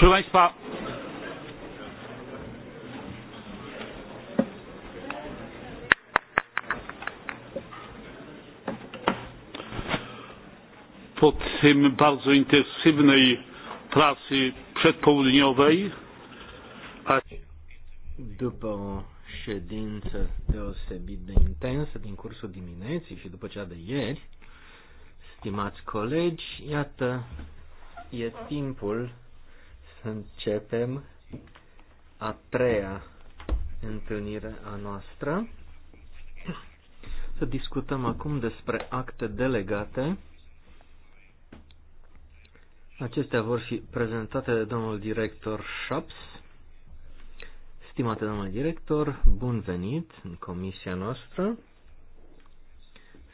Proszę Państwa, po tym bardzo intensywnej pracy przedpołudniowej, a după o ședință deosebit de intensă din cursul dimineții și după cea de ieri, stimați colegi, iată, e timpul să începem a treia întâlnire a noastră. Să discutăm acum despre acte delegate. Acestea vor fi prezentate de domnul director Shaps. Stimate domnule director, bun venit în comisia noastră.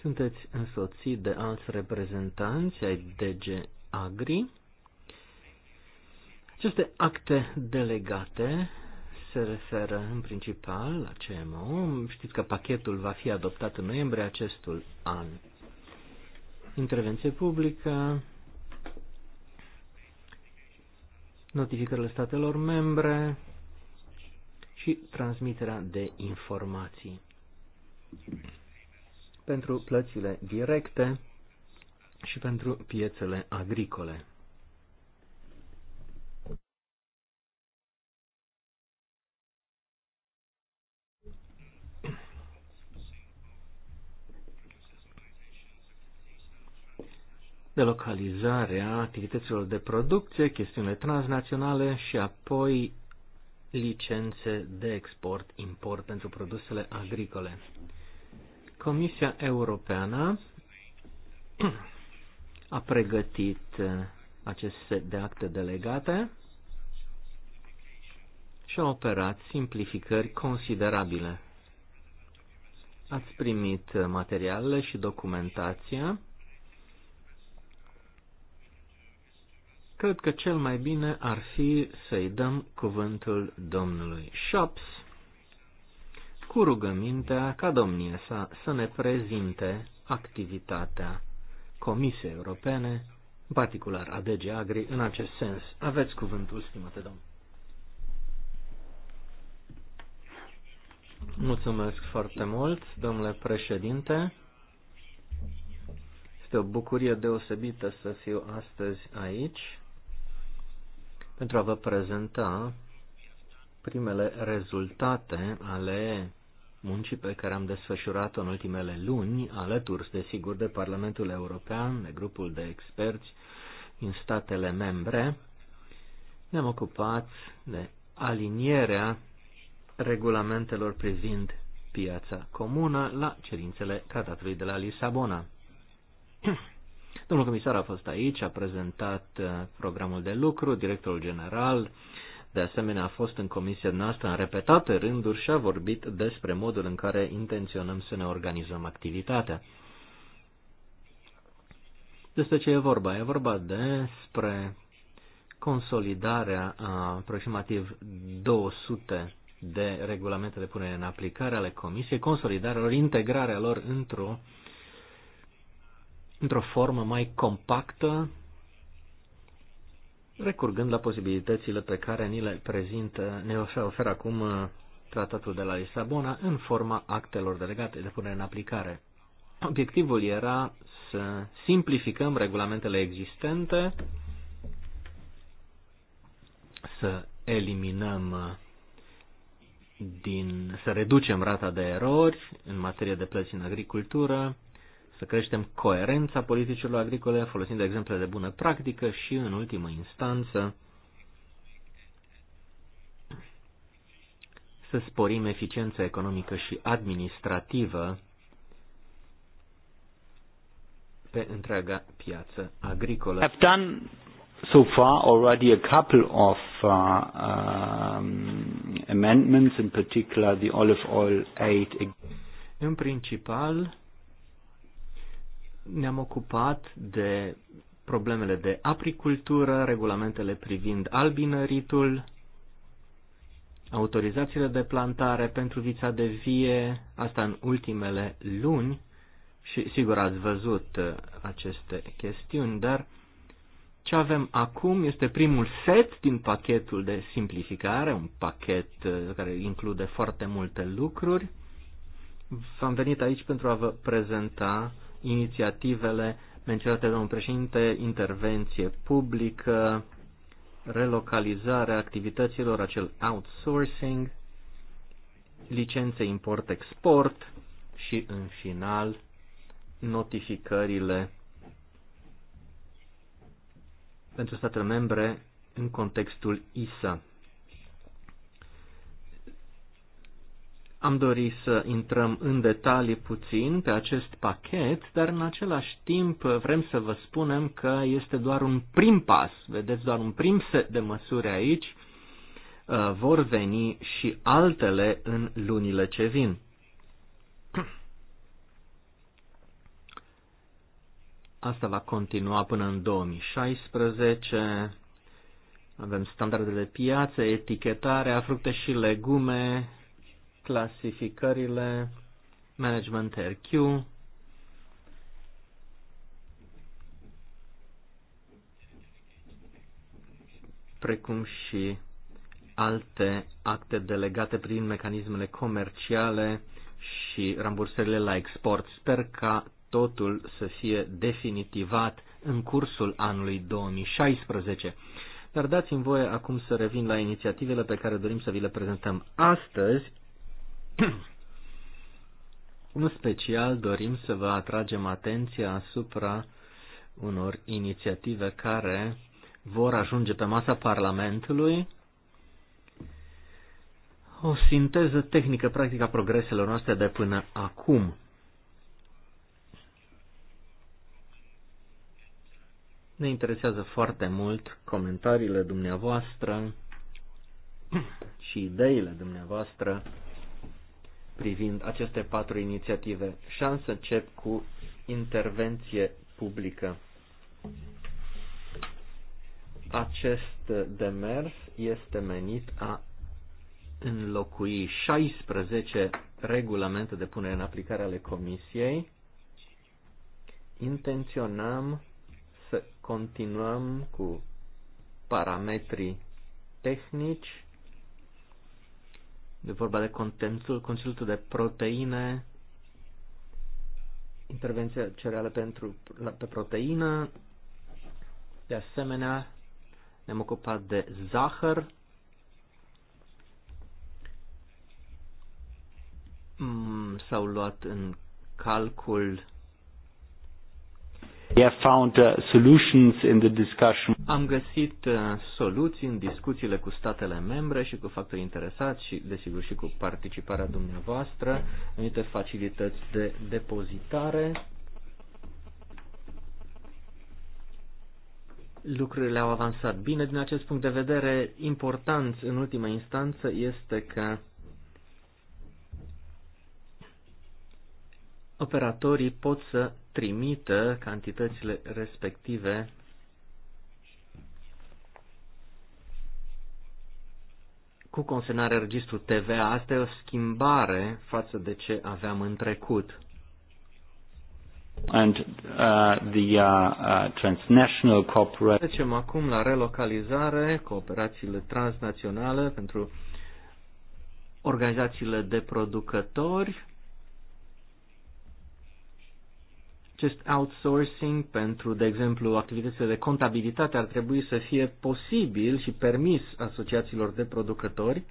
Sunteți însoțit de alți reprezentanți ai DG Agri. Aceste acte delegate se referă în principal la CMO. Știți că pachetul va fi adoptat în noiembrie acestul an. Intervenție publică, notificările statelor membre și transmiterea de informații. Pentru plățile directe și pentru piețele agricole. de localizare a activităților de producție, chestiunile transnaționale și apoi licențe de export-import pentru produsele agricole. Comisia Europeană a pregătit uh, acest set de acte delegate și a operat simplificări considerabile. Ați primit uh, materialele și documentația Cred că cel mai bine ar fi să-i dăm cuvântul Domnului Shops cu rugămintea ca domnie sa să ne prezinte activitatea Comisiei Europene, în particular a DG Agri, în acest sens. Aveți cuvântul, stimate domn. Mulțumesc foarte mult, domnule președinte. Este o bucurie deosebită să fiu astăzi aici pentru a vă prezenta primele rezultate ale muncii pe care am desfășurat-o în ultimele luni, alături, desigur, de Parlamentul European, de grupul de experți din statele membre. Ne-am ocupat de alinierea regulamentelor privind piața comună la cerințele tratatului de la Lisabona. Domnul comisar a fost aici, a prezentat uh, programul de lucru, directorul general, de asemenea a fost în comisia noastră în repetate rânduri și a vorbit despre modul în care intenționăm să ne organizăm activitatea. Despre ce e vorba? E vorba despre consolidarea a aproximativ 200 de regulamente de punere în aplicare ale Comisiei, consolidarea lor, integrarea lor într-o într-o formă mai compactă, recurgând la posibilitățile pe care ni le prezintă, ne oferă acum uh, tratatul de la Lisabona în forma actelor delegate de punere în aplicare. Obiectivul era să simplificăm regulamentele existente, să eliminăm uh, din, să reducem rata de erori în materie de plăți în agricultură, să creștem coerența politicilor agricole, folosind exemple de bună practică și, în ultimă instanță, să sporim eficiența economică și administrativă pe întreaga piață agricolă. I've done so far already a couple of uh, um, amendments, in particular the olive oil aid. În principal, ne-am ocupat de problemele de apricultură, regulamentele privind albinăritul, autorizațiile de plantare pentru vița de vie, asta în ultimele luni, și sigur ați văzut uh, aceste chestiuni, dar ce avem acum este primul set din pachetul de simplificare, un pachet uh, care include foarte multe lucruri. V-am venit aici pentru a vă prezenta inițiativele menționate, de un președinte, intervenție publică, relocalizarea activităților, acel outsourcing, licențe import-export și, în final, notificările pentru statele membre în contextul ISA. Am dorit să intrăm în detalii puțin pe acest pachet, dar în același timp vrem să vă spunem că este doar un prim pas, vedeți doar un prim set de măsuri aici, uh, vor veni și altele în lunile ce vin. Asta va continua până în 2016. Avem standarde de piață, etichetarea, fructe și legume, clasificările management RQ, precum și alte acte delegate prin mecanismele comerciale și rambursările la export. Sper ca totul să fie definitivat în cursul anului 2016. Dar dați-mi voie acum să revin la inițiativele pe care dorim să vi le prezentăm astăzi în special dorim să vă atragem atenția asupra unor inițiative care vor ajunge pe masa Parlamentului o sinteză tehnică, practică a progreselor noastre de până acum. Ne interesează foarte mult comentariile dumneavoastră și ideile dumneavoastră privind aceste patru inițiative. Și am să încep cu intervenție publică. Acest demers este menit a înlocui 16 regulamente de punere în aplicare ale Comisiei. Intenționăm să continuăm cu parametrii tehnici de vorba de contentul, conținutul de proteine, intervenția cereală pentru, pe proteină. De asemenea, ne-am ocupat de zahăr, mm, s-au luat în calcul Uh, Am găsit uh, soluții în discuțiile cu statele membre și cu factorii interesați și, desigur, și cu participarea dumneavoastră, anumite facilități de depozitare. Lucrurile au avansat bine din acest punct de vedere. Important, în ultima instanță, este că operatorii pot să trimită cantitățile respective cu consemnarea registru TVA. Asta e o schimbare față de ce aveam în trecut. And uh, the uh, uh, transnational corporate... Trecem acum la relocalizare, cooperațiile transnaționale pentru organizațiile de producători Acest outsourcing pentru, de exemplu, activitățile de contabilitate ar trebui să fie posibil și permis asociațiilor de producători.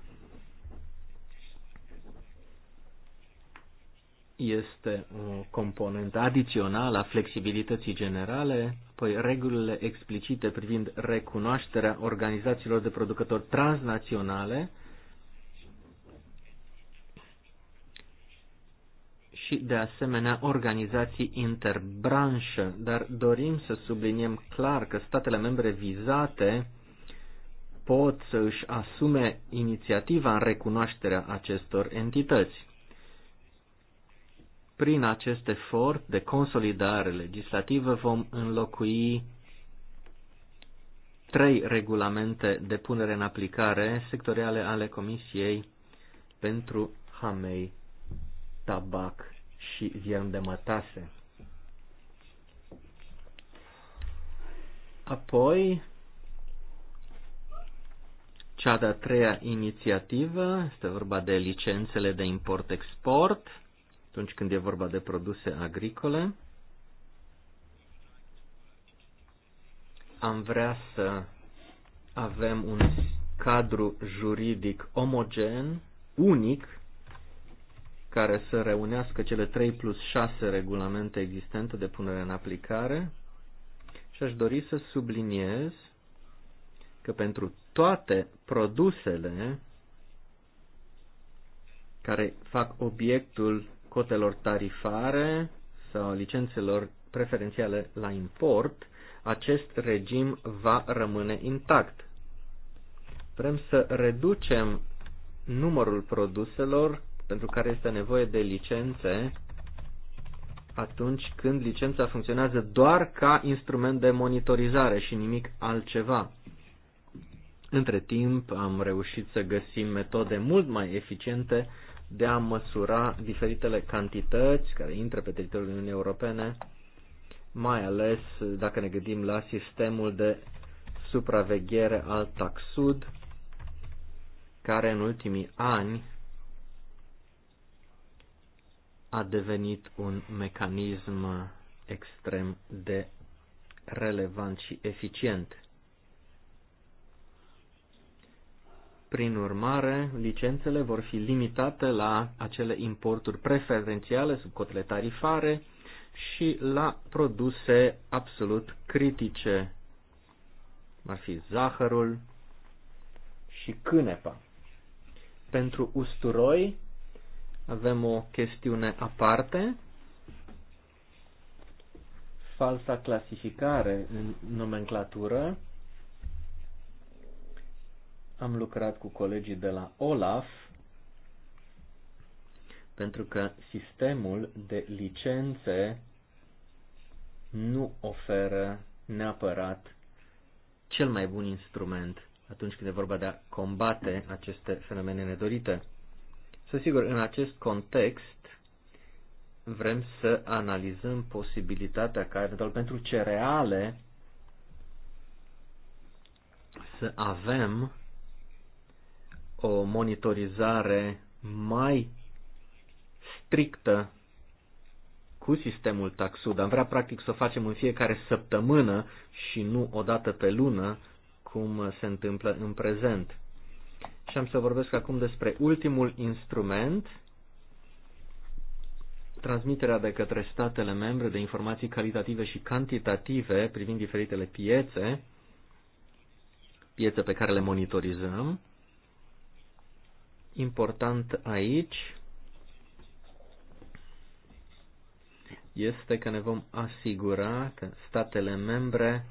Este o componentă adițională a flexibilității generale, apoi regulile explicite privind recunoașterea organizațiilor de producători transnaționale, și de asemenea organizații interbranșă, dar dorim să subliniem clar că statele membre vizate pot să își asume inițiativa în recunoașterea acestor entități. Prin acest efort de consolidare legislativă vom înlocui trei regulamente de punere în aplicare sectoriale ale Comisiei pentru Hamei, Tabac și Zion de Apoi, cea de-a treia inițiativă este vorba de licențele de import-export, atunci când e vorba de produse agricole. Am vrea să avem un cadru juridic omogen, unic, care să reunească cele 3 plus 6 regulamente existente de punere în aplicare și aș dori să subliniez că pentru toate produsele care fac obiectul cotelor tarifare sau licențelor preferențiale la import, acest regim va rămâne intact. Vrem să reducem numărul produselor pentru care este nevoie de licențe atunci când licența funcționează doar ca instrument de monitorizare și nimic altceva. Între timp am reușit să găsim metode mult mai eficiente de a măsura diferitele cantități care intră pe teritoriul Uniunii Europene, mai ales dacă ne gândim la sistemul de supraveghere al TAXUD, care în ultimii ani a devenit un mecanism extrem de relevant și eficient. Prin urmare, licențele vor fi limitate la acele importuri preferențiale sub cotele tarifare și la produse absolut critice, ar fi zahărul și cânepa. Pentru usturoi, avem o chestiune aparte. Falsa clasificare în nomenclatură. Am lucrat cu colegii de la OLAF pentru că sistemul de licențe nu oferă neapărat cel mai bun instrument atunci când e vorba de a combate aceste fenomene nedorite. Să sigur, în acest context vrem să analizăm posibilitatea ca eventual pentru cereale să avem o monitorizare mai strictă cu sistemul Taxud. Am vrea practic să o facem în fiecare săptămână și nu o dată pe lună, cum se întâmplă în prezent. Și am să vorbesc acum despre ultimul instrument, transmiterea de către statele membre de informații calitative și cantitative privind diferitele piețe, piețe pe care le monitorizăm. Important aici este că ne vom asigura că statele membre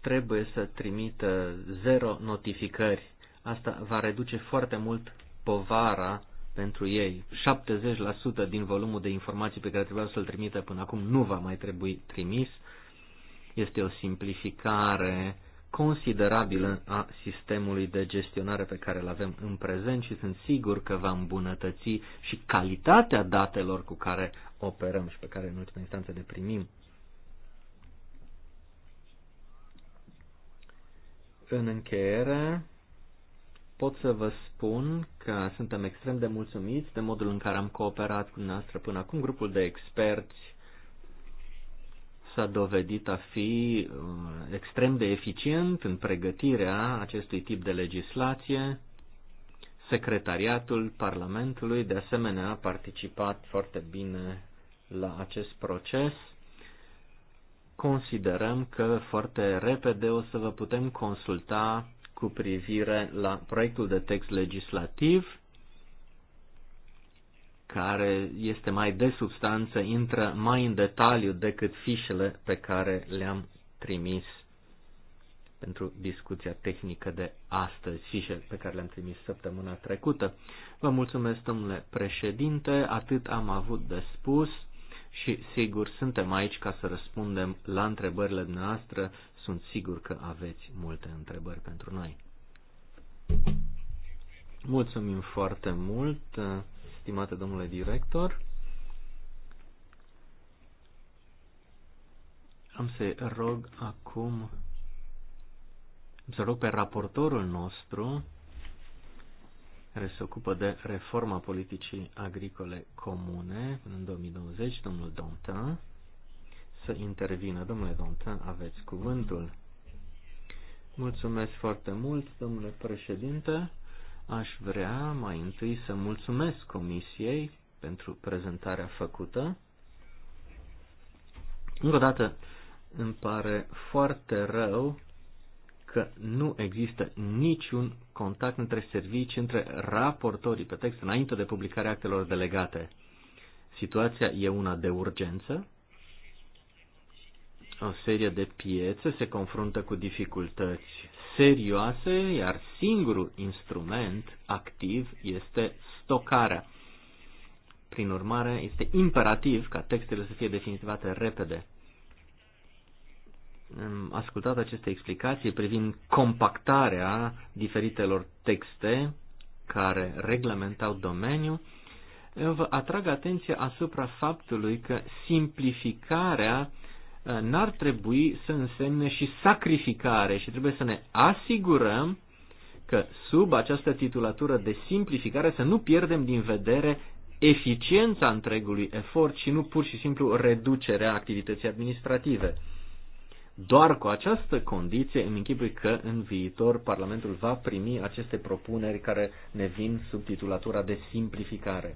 trebuie să trimită zero notificări. Asta va reduce foarte mult povara pentru ei. 70% din volumul de informații pe care trebuia să-l trimită până acum nu va mai trebui trimis. Este o simplificare considerabilă a sistemului de gestionare pe care îl avem în prezent și sunt sigur că va îmbunătăți și calitatea datelor cu care operăm și pe care în ultima instanță le primim. în încheiere, pot să vă spun că suntem extrem de mulțumiți de modul în care am cooperat cu noastră până acum. Grupul de experți s-a dovedit a fi uh, extrem de eficient în pregătirea acestui tip de legislație. Secretariatul Parlamentului, de asemenea, a participat foarte bine la acest proces considerăm că foarte repede o să vă putem consulta cu privire la proiectul de text legislativ care este mai de substanță, intră mai în detaliu decât fișele pe care le-am trimis pentru discuția tehnică de astăzi, fișele pe care le-am trimis săptămâna trecută. Vă mulțumesc, domnule președinte, atât am avut de spus și, sigur, suntem aici ca să răspundem la întrebările noastre. Sunt sigur că aveți multe întrebări pentru noi. Mulțumim foarte mult, stimate domnule director. Am să rog acum, am să rog pe raportorul nostru, care se ocupă de reforma politicii agricole comune în 2020, domnul Dontin, să intervină. Domnule Dontin, aveți cuvântul. Mulțumesc foarte mult, domnule președinte. Aș vrea mai întâi să mulțumesc Comisiei pentru prezentarea făcută. Încă o dată, îmi pare foarte rău că nu există niciun contact între servicii, între raportorii pe text înainte de publicarea actelor delegate. Situația e una de urgență. O serie de piețe se confruntă cu dificultăți serioase, iar singurul instrument activ este stocarea. Prin urmare, este imperativ ca textele să fie definitivate repede am ascultat aceste explicații privind compactarea diferitelor texte care reglementau domeniul, vă atrag atenția asupra faptului că simplificarea uh, n-ar trebui să însemne și sacrificare și trebuie să ne asigurăm că sub această titulatură de simplificare să nu pierdem din vedere eficiența întregului efort și nu pur și simplu reducerea activității administrative. Doar cu această condiție îmi închipui că în viitor Parlamentul va primi aceste propuneri care ne vin sub titulatura de simplificare.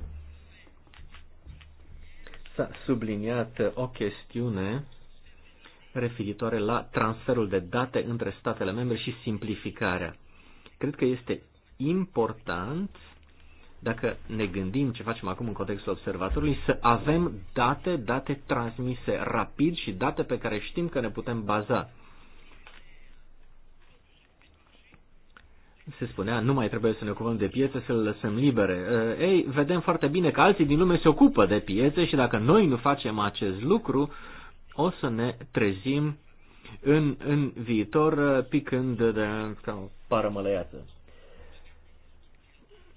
S-a subliniat o chestiune referitoare la transferul de date între statele membre și simplificarea. Cred că este important dacă ne gândim ce facem acum în contextul observatorului, să avem date, date transmise rapid și date pe care știm că ne putem baza. se spunea, nu mai trebuie să ne ocupăm de piețe, să le lăsăm libere. Ei, vedem foarte bine că alții din lume se ocupă de piețe și dacă noi nu facem acest lucru, o să ne trezim în, în viitor picând de, de o paramălăiață.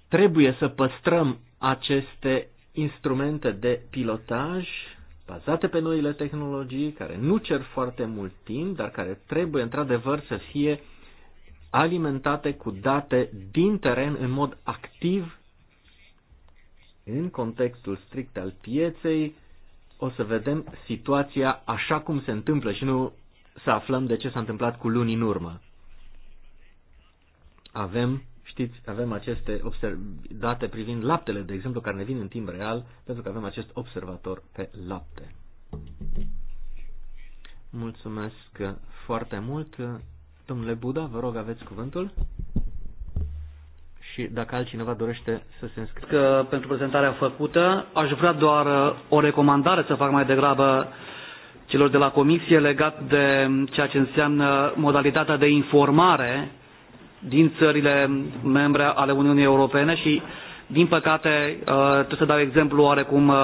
Trebuie să păstrăm aceste instrumente de pilotaj bazate pe noile tehnologii, care nu cer foarte mult timp, dar care trebuie într-adevăr să fie alimentate cu date din teren în mod activ în contextul strict al pieței, o să vedem situația așa cum se întâmplă și nu să aflăm de ce s-a întâmplat cu luni în urmă. Avem știți, avem aceste date privind laptele, de exemplu, care ne vin în timp real, pentru că avem acest observator pe lapte. Mulțumesc foarte mult. Domnule Buda, vă rog, aveți cuvântul. Și dacă altcineva dorește să se înscrie. Că pentru prezentarea făcută, aș vrea doar uh, o recomandare să fac mai degrabă celor de la comisie legat de ceea ce înseamnă modalitatea de informare din țările membre ale Uniunii Europene și, din păcate, uh, trebuie să dau exemplu oarecum, uh,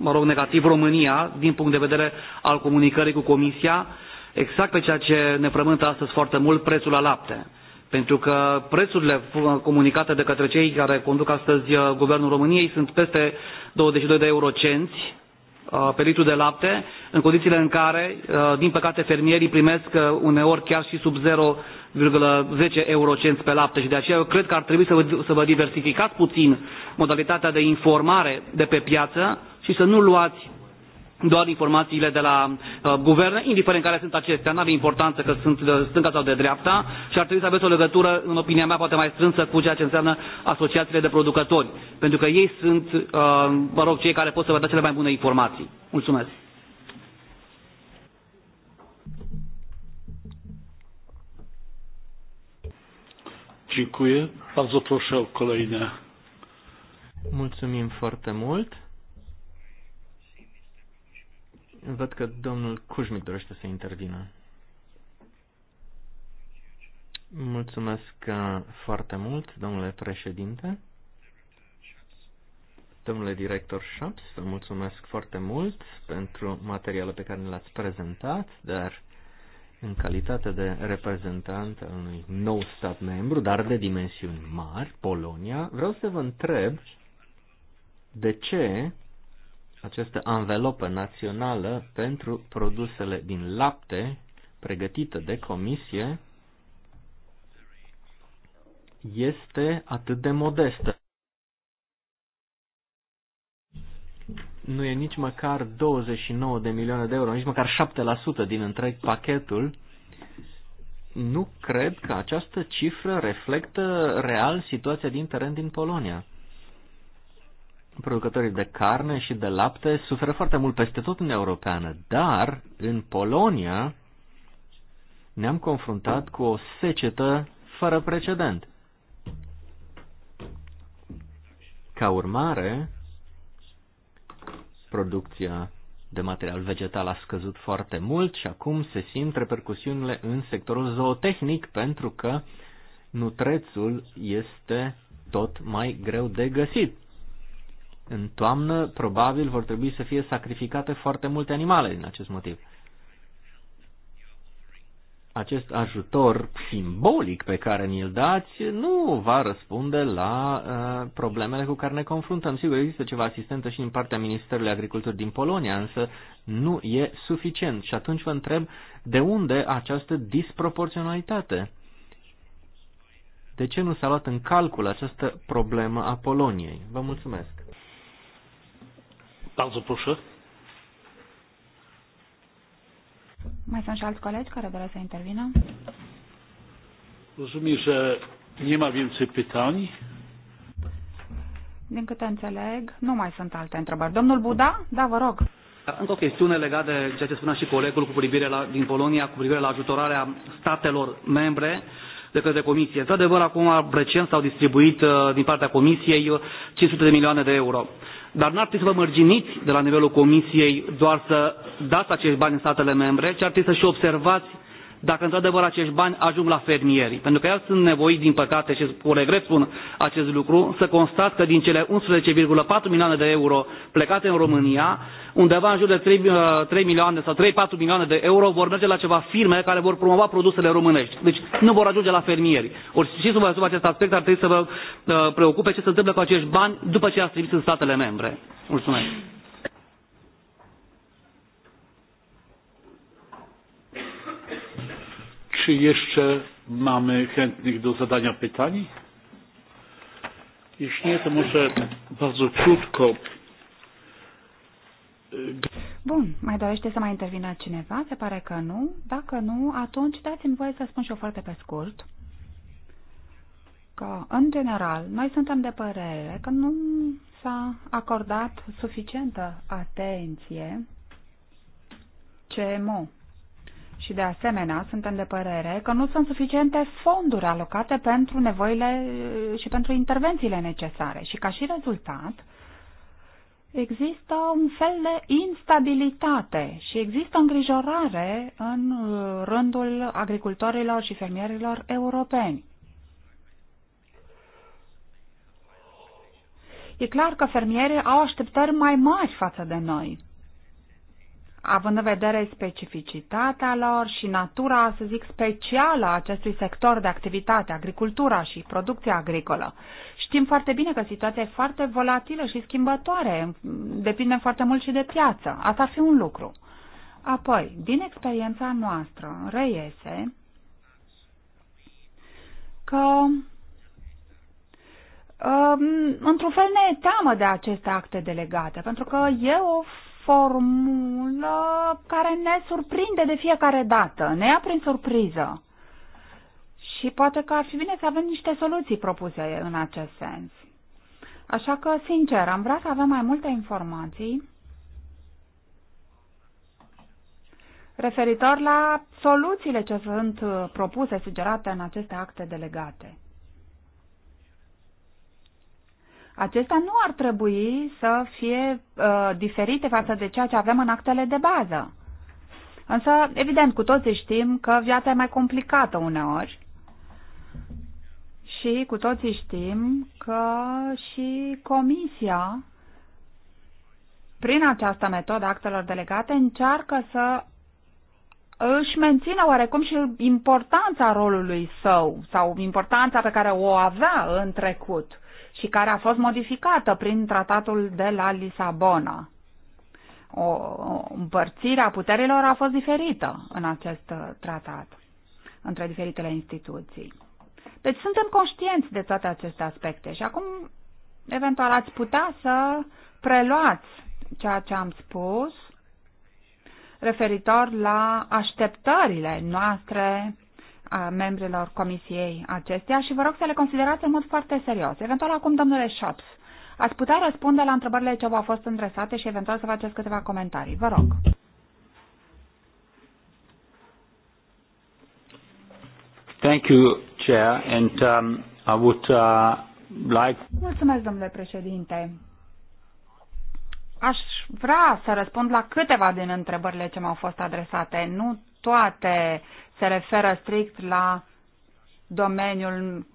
mă rog, negativ România, din punct de vedere al comunicării cu Comisia, exact pe ceea ce ne frământă astăzi foarte mult prețul la lapte. Pentru că prețurile uh, comunicate de către cei care conduc astăzi Guvernul României sunt peste 22 de eurocenți Uh, pe litru de lapte, în condițiile în care, uh, din păcate, fermierii primesc uh, uneori chiar și sub 0,10 eurocenți pe lapte și de aceea eu cred că ar trebui să vă, să vă diversificați puțin modalitatea de informare de pe piață și să nu luați doar informațiile de la uh, guverne, indiferent care sunt acestea, nu are importanță că sunt de uh, stânga sau de dreapta și ar trebui să aveți o legătură, în opinia mea, poate mai strânsă cu ceea ce înseamnă asociațiile de producători, pentru că ei sunt, uh, vă rog, cei care pot să vă dea cele mai bune informații. Mulțumesc! Dziękuję. Bardzo proszę o kolejne. Mulțumim foarte mult. Văd că domnul Cujmic dorește să intervină. Mulțumesc uh, foarte mult, domnule președinte. Domnule director Shaps, vă mulțumesc foarte mult pentru materialul pe care ne l-ați prezentat, dar în calitate de reprezentant al unui nou stat membru, dar de dimensiuni mari, Polonia, vreau să vă întreb de ce această anvelopă națională pentru produsele din lapte pregătită de comisie este atât de modestă. Nu e nici măcar 29 de milioane de euro, nici măcar 7% din întreg pachetul. Nu cred că această cifră reflectă real situația din teren din Polonia producătorii de carne și de lapte suferă foarte mult peste tot în Europeană, dar în Polonia ne-am confruntat cu o secetă fără precedent. Ca urmare, producția de material vegetal a scăzut foarte mult și acum se simt repercusiunile în sectorul zootehnic pentru că nutrețul este tot mai greu de găsit în toamnă probabil vor trebui să fie sacrificate foarte multe animale din acest motiv. Acest ajutor simbolic pe care ni-l dați nu va răspunde la uh, problemele cu care ne confruntăm. Sigur, există ceva asistență și din partea Ministerului Agriculturii din Polonia, însă nu e suficient. Și atunci vă întreb de unde această disproporționalitate? De ce nu s-a luat în calcul această problemă a Poloniei? Vă mulțumesc! Bardzo proszę. Mai sunt și alți colegi care doresc să intervină? Rozumiem, że nie ma więcej pytań. Din câte înțeleg, nu mai sunt alte întrebări. Domnul Buda, da, vă rog. Încă da, o chestiune legată de ceea ce spunea și colegul cu privire la, din Polonia, cu privire la ajutorarea statelor membre de către Comisie. Într-adevăr, acum recent s-au distribuit uh, din partea Comisiei 500 uh, de milioane de euro dar n ar trebui să vă mărginiți de la nivelul comisiei doar să dați acești bani în statele membre ci ar trebui să și observați dacă într adevăr acești bani ajung la fermieri pentru că ei sunt nevoiți din păcate și cu regret spun acest lucru să constat că din cele 11,4 milioane de euro plecate în România undeva în jur de 3, 3 uh, milioane sau 3-4 milioane de euro vor merge la ceva firme care vor promova produsele românești deci nu vor ajunge la fermieri ori și sub, sub acest aspect ar trebui să vă uh, preocupe ce se întâmplă cu acești bani după ce i ați trimis în statele membre. Mulțumesc. Czy jeszcze mamy chętnych do zadania pytań? Jeśli nie, to może bardzo krótko. Bun, mai dorește să mai intervină cineva? Se pare că nu. Dacă nu, atunci dați-mi voie să spun și eu foarte pe scurt că, în general, noi suntem de părere că nu s-a acordat suficientă atenție CMO și de asemenea, suntem de părere că nu sunt suficiente fonduri alocate pentru nevoile uh, și pentru intervențiile necesare. Și ca și rezultat, există un fel de instabilitate și există îngrijorare în uh, rândul agricultorilor și fermierilor europeni. E clar că fermierii au așteptări mai mari față de noi având în vedere specificitatea lor și natura, să zic, specială a acestui sector de activitate, agricultura și producția agricolă. Știm foarte bine că situația e foarte volatilă și schimbătoare, depinde foarte mult și de piață. Asta ar fi un lucru. Apoi, din experiența noastră, reiese că um, într-un fel ne e teamă de aceste acte delegate, pentru că e o formulă care ne surprinde de fiecare dată, ne ia prin surpriză. Și poate că ar fi bine să avem niște soluții propuse în acest sens. Așa că, sincer, am vrea să avem mai multe informații referitor la soluțiile ce sunt propuse, sugerate în aceste acte delegate. acestea nu ar trebui să fie uh, diferite față de ceea ce avem în actele de bază. Însă, evident, cu toții știm că viața e mai complicată uneori și cu toții știm că și Comisia, prin această metodă actelor delegate, încearcă să își menține oarecum și importanța rolului său sau importanța pe care o avea în trecut și care a fost modificată prin tratatul de la Lisabona. O, împărțire a puterilor a fost diferită în acest tratat între diferitele instituții. Deci suntem conștienți de toate aceste aspecte și acum eventual ați putea să preluați ceea ce am spus referitor la așteptările noastre a membrilor comisiei acesteia și vă rog să le considerați în mod foarte serios. Eventual acum, domnule Schatz, ați putea răspunde la întrebările ce v-au fost îndresate și eventual să faceți câteva comentarii. Vă rog. Thank you, Chair, and um, I would uh, like... Mulțumesc, domnule președinte. Aș vrea să răspund la câteva din întrebările ce m-au fost adresate. Nu toate se referă strict la domeniul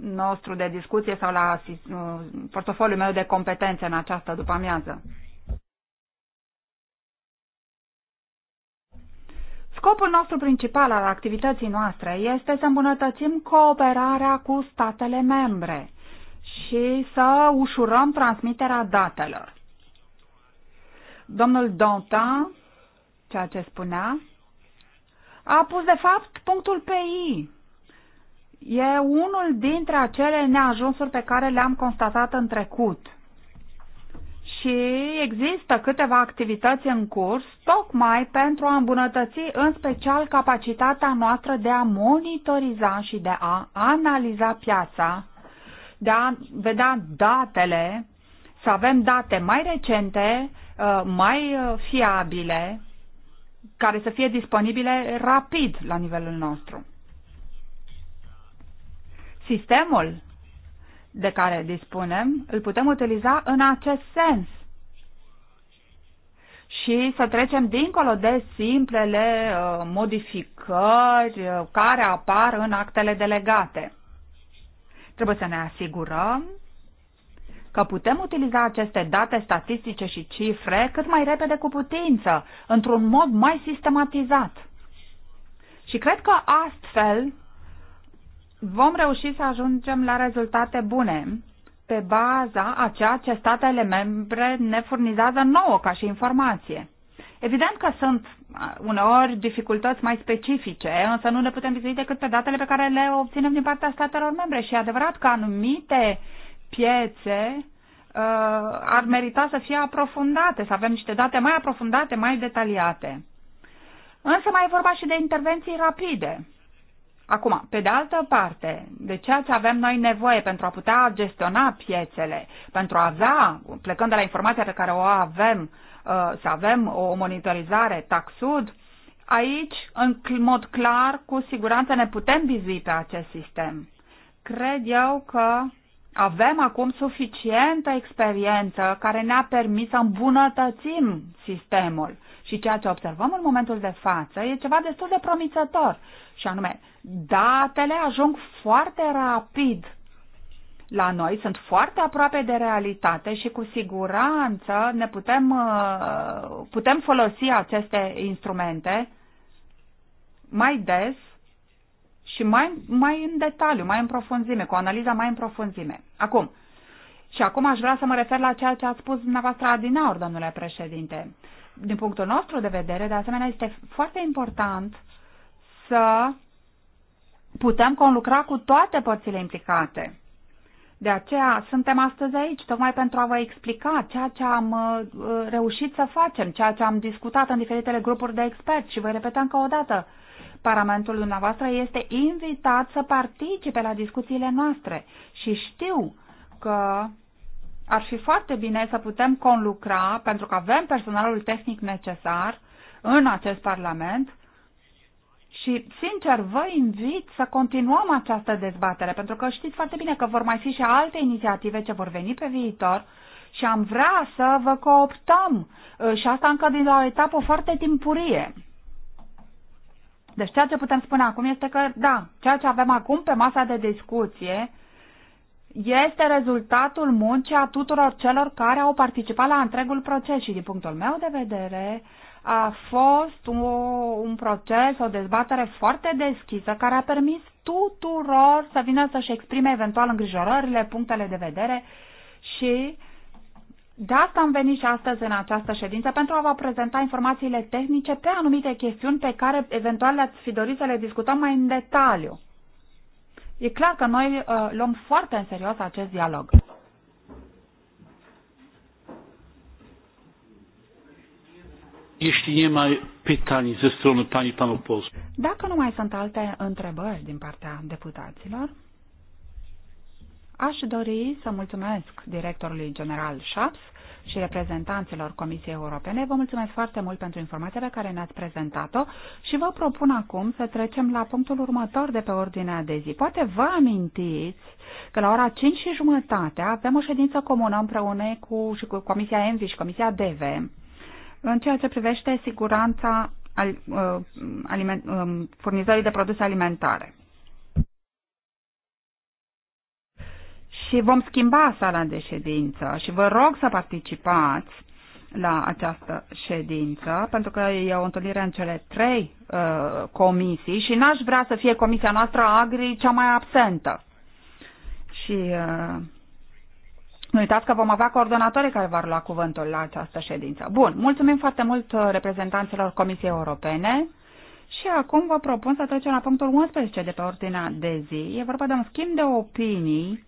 nostru de discuție sau la uh, portofoliul meu de competențe în această după-amiază. Scopul nostru principal al activității noastre este să îmbunătățim cooperarea cu statele membre și să ușurăm transmiterea datelor domnul Dantin, ceea ce spunea, a pus de fapt punctul pe I. E unul dintre acele neajunsuri pe care le-am constatat în trecut. Și există câteva activități în curs, tocmai pentru a îmbunătăți în special capacitatea noastră de a monitoriza și de a analiza piața, de a vedea datele, să avem date mai recente Uh, mai uh, fiabile, care să fie disponibile rapid la nivelul nostru. Sistemul de care dispunem îl putem utiliza în acest sens și să trecem dincolo de simplele uh, modificări care apar în actele delegate. Trebuie să ne asigurăm că putem utiliza aceste date statistice și cifre cât mai repede cu putință, într-un mod mai sistematizat. Și cred că astfel vom reuși să ajungem la rezultate bune pe baza a ceea ce statele membre ne furnizează nouă ca și informație. Evident că sunt uneori dificultăți mai specifice, însă nu ne putem vizui decât pe datele pe care le obținem din partea statelor membre și e adevărat că anumite uh, piețe uh, ar merita să fie aprofundate, să avem niște date mai aprofundate, mai detaliate. Însă mai e vorba și de intervenții rapide. Acum, pe de altă parte, de ceea ce avem noi nevoie pentru a putea gestiona piețele, pentru a avea, plecând de la informația pe care o avem, uh, să avem o monitorizare taxud, aici, în mod clar, cu siguranță ne putem vizui pe acest sistem. Cred eu că avem acum suficientă experiență care ne-a permis să îmbunătățim sistemul. Și ceea ce observăm în momentul de față e ceva destul de promițător. Și anume, datele ajung foarte rapid la noi, sunt foarte aproape de realitate și cu siguranță ne putem, uh, putem folosi aceste instrumente mai des și mai, mai în detaliu, mai în profunzime, cu analiza mai în profunzime. Acum, și acum aș vrea să mă refer la ceea ce a spus dumneavoastră adinaur, domnule președinte. Din punctul nostru de vedere, de asemenea, este foarte important să putem conlucra cu toate părțile implicate. De aceea suntem astăzi aici, tocmai pentru a vă explica ceea ce am uh, reușit să facem, ceea ce am discutat în diferitele grupuri de experți și voi repeta încă o dată. Uh, Parlamentul dumneavoastră este invitat să participe la discuțiile noastre și știu că ar fi foarte bine să putem conlucra, pentru că avem personalul tehnic necesar în acest Parlament, și, sincer, vă invit să continuăm această dezbatere, pentru că știți foarte bine că vor mai fi și alte inițiative ce vor veni pe viitor și am vrea să vă cooptăm uh, și asta încă din o etapă foarte timpurie. Deci ceea ce putem spune acum este că, da, ceea ce avem acum pe masa de discuție este rezultatul muncii a tuturor celor care au participat la întregul proces și, din punctul meu de vedere, a fost o, un proces, o dezbatere foarte deschisă care a permis tuturor să vină să-și exprime eventual îngrijorările, punctele de vedere și uh, de asta am venit și astăzi în această ședință pentru a vă prezenta informațiile tehnice pe anumite chestiuni pe care eventual ați fi dorit să le discutăm mai în detaliu. E clar că noi uh, luăm foarte în serios acest dialog. Dacă nu mai sunt alte întrebări din partea deputaților, Aș dori să mulțumesc directorului general Schaps și reprezentanților Comisiei Europene. Vă mulțumesc foarte mult pentru informațiile care ne-ați prezentat-o și vă propun acum să trecem la punctul următor de pe ordinea de zi. Poate vă amintiți că la ora 5 și jumătate avem o ședință comună împreună cu, și cu Comisia Envi și Comisia DV în ceea ce privește siguranța al, uh, aliment, uh, um, furnizării de produse alimentare. și vom schimba sala de ședință și vă rog să participați la această ședință, pentru că e o întâlnire în cele trei uh, comisii și n-aș vrea să fie comisia noastră agri cea mai absentă. Și uh, nu uitați că vom avea coordonatorii care vor lua cuvântul la această ședință. Bun, mulțumim foarte mult uh, reprezentanților Comisiei Europene. Și acum vă propun să trecem la punctul 11 de pe ordinea de zi. E vorba de un schimb de opinii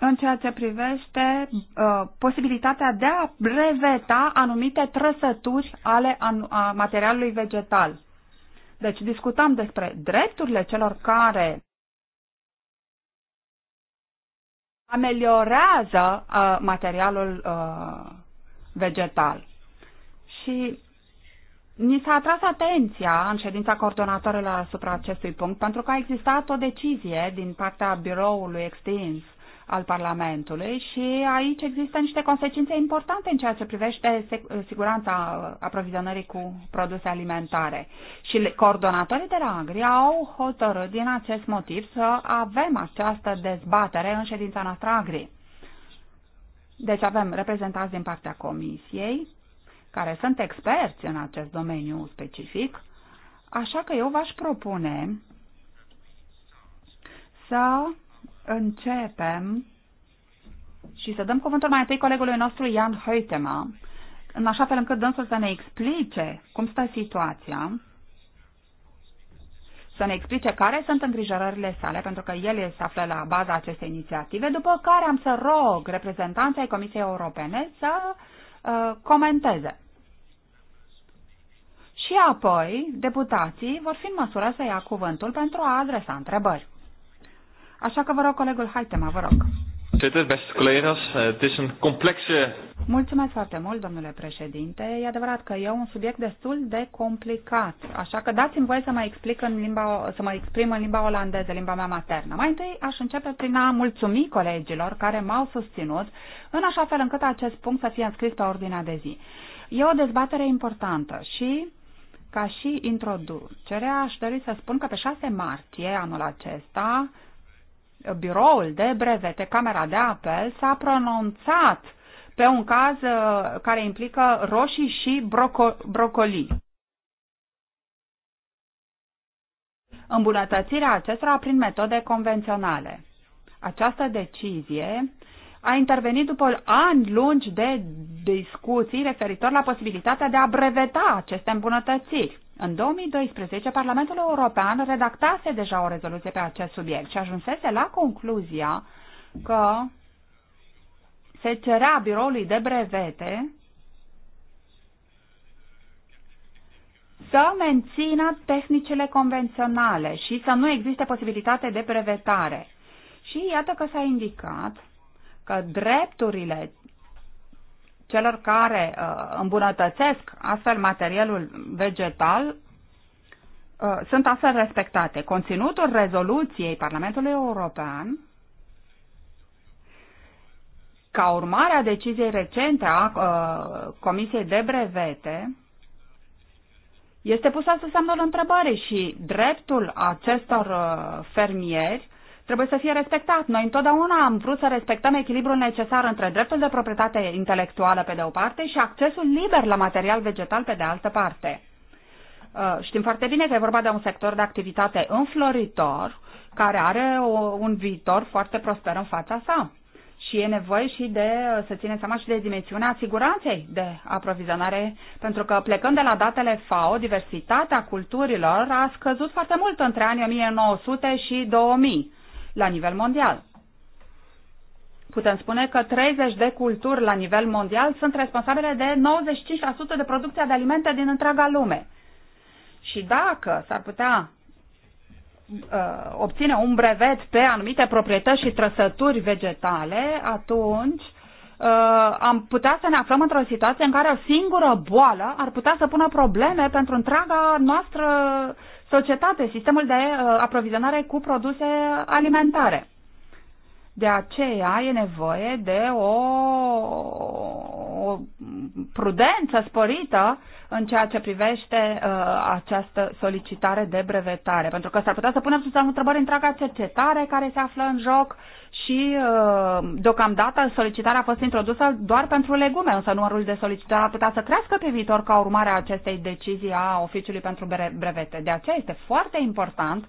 în ceea ce privește uh, posibilitatea de a breveta anumite trăsături ale an, a materialului vegetal. Deci discutăm despre drepturile celor care ameliorează uh, materialul uh, vegetal. Și Ni s-a atras atenția în ședința coordonatorilor asupra acestui punct pentru că a existat o decizie din partea biroului extins al Parlamentului și aici există niște consecințe importante în ceea ce privește siguranța aprovizionării cu produse alimentare. Și coordonatorii de la Angria au hotărât din acest motiv să avem această dezbatere în ședința noastră Agri. Deci avem reprezentanți din partea Comisiei, care sunt experți în acest domeniu specific, așa că eu v-aș propune să începem și să dăm cuvântul mai întâi colegului nostru Ian Hoitema, în așa fel încât dânsul să ne explice cum stă situația, să ne explice care sunt îngrijorările sale, pentru că el se află la baza acestei inițiative, după care am să rog reprezentanții ai Comisiei Europene să uh, Uh, comenteze. Și apoi, deputații vor fi în măsură să ia cuvântul pentru a adresa întrebări. Așa că vă rog, colegul Haitema, vă rog beste collega's, eh, het is een complexe... Mulțumesc foarte mult, domnule președinte. E adevărat că e un subiect destul de complicat, așa că dați-mi voie să mă, explic în limba, să mă exprim în limba olandeză, limba mea maternă. Mai întâi aș începe prin a mulțumi colegilor care m-au susținut, în așa fel încât acest punct să fie înscris pe ordinea de zi. E o dezbatere importantă și ca și introducerea, aș dori să spun că pe 6 martie anul acesta biroul de brevete, Camera de Apel, s-a pronunțat pe un caz uh, care implică roșii și broco- brocoli. Îmbunătățirea acestora prin metode convenționale. Această decizie a intervenit după ani lungi de discuții referitor la posibilitatea de a breveta aceste îmbunătățiri. În 2012, Parlamentul European redactase deja o rezoluție pe acest subiect și ajunsese la concluzia că se cerea biroului de brevete să mențină tehnicile convenționale și să nu existe posibilitate de brevetare. Și iată că s-a indicat că drepturile celor care uh, îmbunătățesc astfel materialul vegetal uh, sunt astfel respectate. Conținutul rezoluției Parlamentului European ca urmare a deciziei recente a uh, Comisiei de Brevete, este pusă sub semnul întrebării și dreptul acestor fermieri trebuie să fie respectat. Noi întotdeauna am vrut să respectăm echilibrul necesar între dreptul de proprietate intelectuală pe de o parte și accesul liber la material vegetal pe de altă parte. Uh, știm foarte bine că e vorba de un sector de activitate înfloritor care are o, un viitor foarte prosper în fața sa. Și e nevoie și de, uh, să ținem seama și de dimensiunea siguranței de aprovizionare, pentru că plecând de la datele FAO, diversitatea culturilor a scăzut foarte mult între anii 1900 și 2000 la nivel mondial. Putem spune că 30 de culturi la nivel mondial sunt responsabile de 95% de producția de alimente din întreaga lume. Și dacă s-ar putea uh, obține un brevet pe anumite proprietăți și trăsături vegetale, atunci uh, am putea să ne aflăm într-o situație în care o singură boală ar putea să pună probleme pentru întreaga noastră societate, sistemul de uh, aprovizionare cu produse alimentare. De aceea e nevoie de o, o prudență sporită în ceea ce privește uh, această solicitare de brevetare, pentru că s-ar putea să punem sub întrebări întreaga cercetare care se află în joc, și uh, deocamdată solicitarea a fost introdusă doar pentru legume, însă numărul de solicitări ar putea să crească pe viitor ca urmare a acestei decizii a Oficiului pentru Brevete. De aceea este foarte important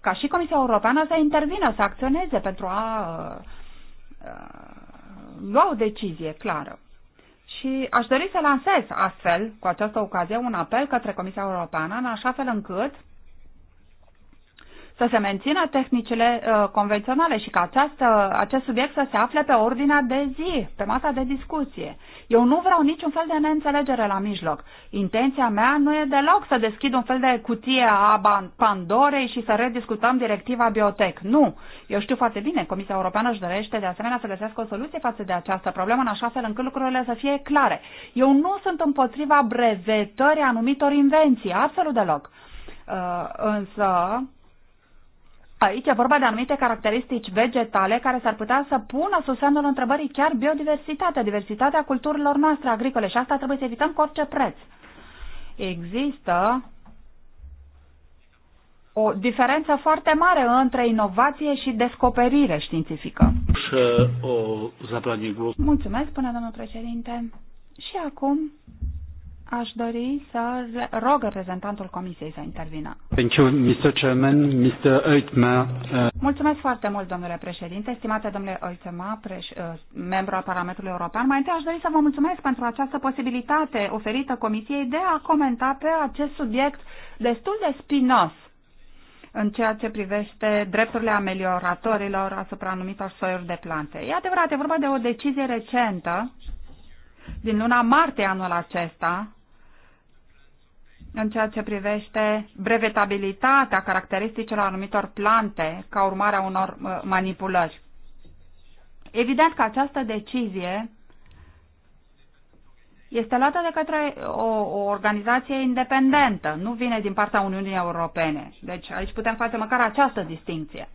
ca și Comisia Europeană să intervină, să acționeze pentru a uh, lua o decizie clară. Și aș dori să lansez astfel, cu această ocazie, un apel către Comisia Europeană, în așa fel încât să se mențină tehnicile uh, convenționale și că această, acest subiect să se afle pe ordinea de zi, pe masa de discuție. Eu nu vreau niciun fel de neînțelegere la mijloc. Intenția mea nu e deloc să deschid un fel de cutie a Pandorei și să rediscutăm directiva biotec. Nu. Eu știu foarte bine, Comisia Europeană își dorește de asemenea să găsească o soluție față de această problemă, în așa fel încât lucrurile să fie clare. Eu nu sunt împotriva brevetării anumitor invenții, absolut deloc. Uh, însă, Aici e vorba de anumite caracteristici vegetale care s-ar putea să pună sub semnul întrebării chiar biodiversitatea, diversitatea culturilor noastre agricole și asta trebuie să evităm cu orice preț. Există o diferență foarte mare între inovație și descoperire științifică. Uh, Mulțumesc, până domnul președinte. Și acum Aș dori să rog reprezentantul Comisiei să intervină. Thank you, Mr. Chairman, Mr. Oitma. Uh, mulțumesc foarte mult, domnule președinte, stimate domnule Oitma, uh, membru al Parlamentului European. Mai întâi aș dori să vă mulțumesc pentru această posibilitate oferită Comisiei de a comenta pe acest subiect destul de spinos în ceea ce privește drepturile amelioratorilor asupra anumitor soiuri de plante. E adevărat, e vorba de o decizie recentă din luna martie anul acesta, în ceea ce privește brevetabilitatea caracteristicilor anumitor plante ca urmare a unor uh, manipulări. Evident că această decizie este luată de către o, o organizație independentă, nu vine din partea Uniunii Europene. Deci aici putem face măcar această distinție.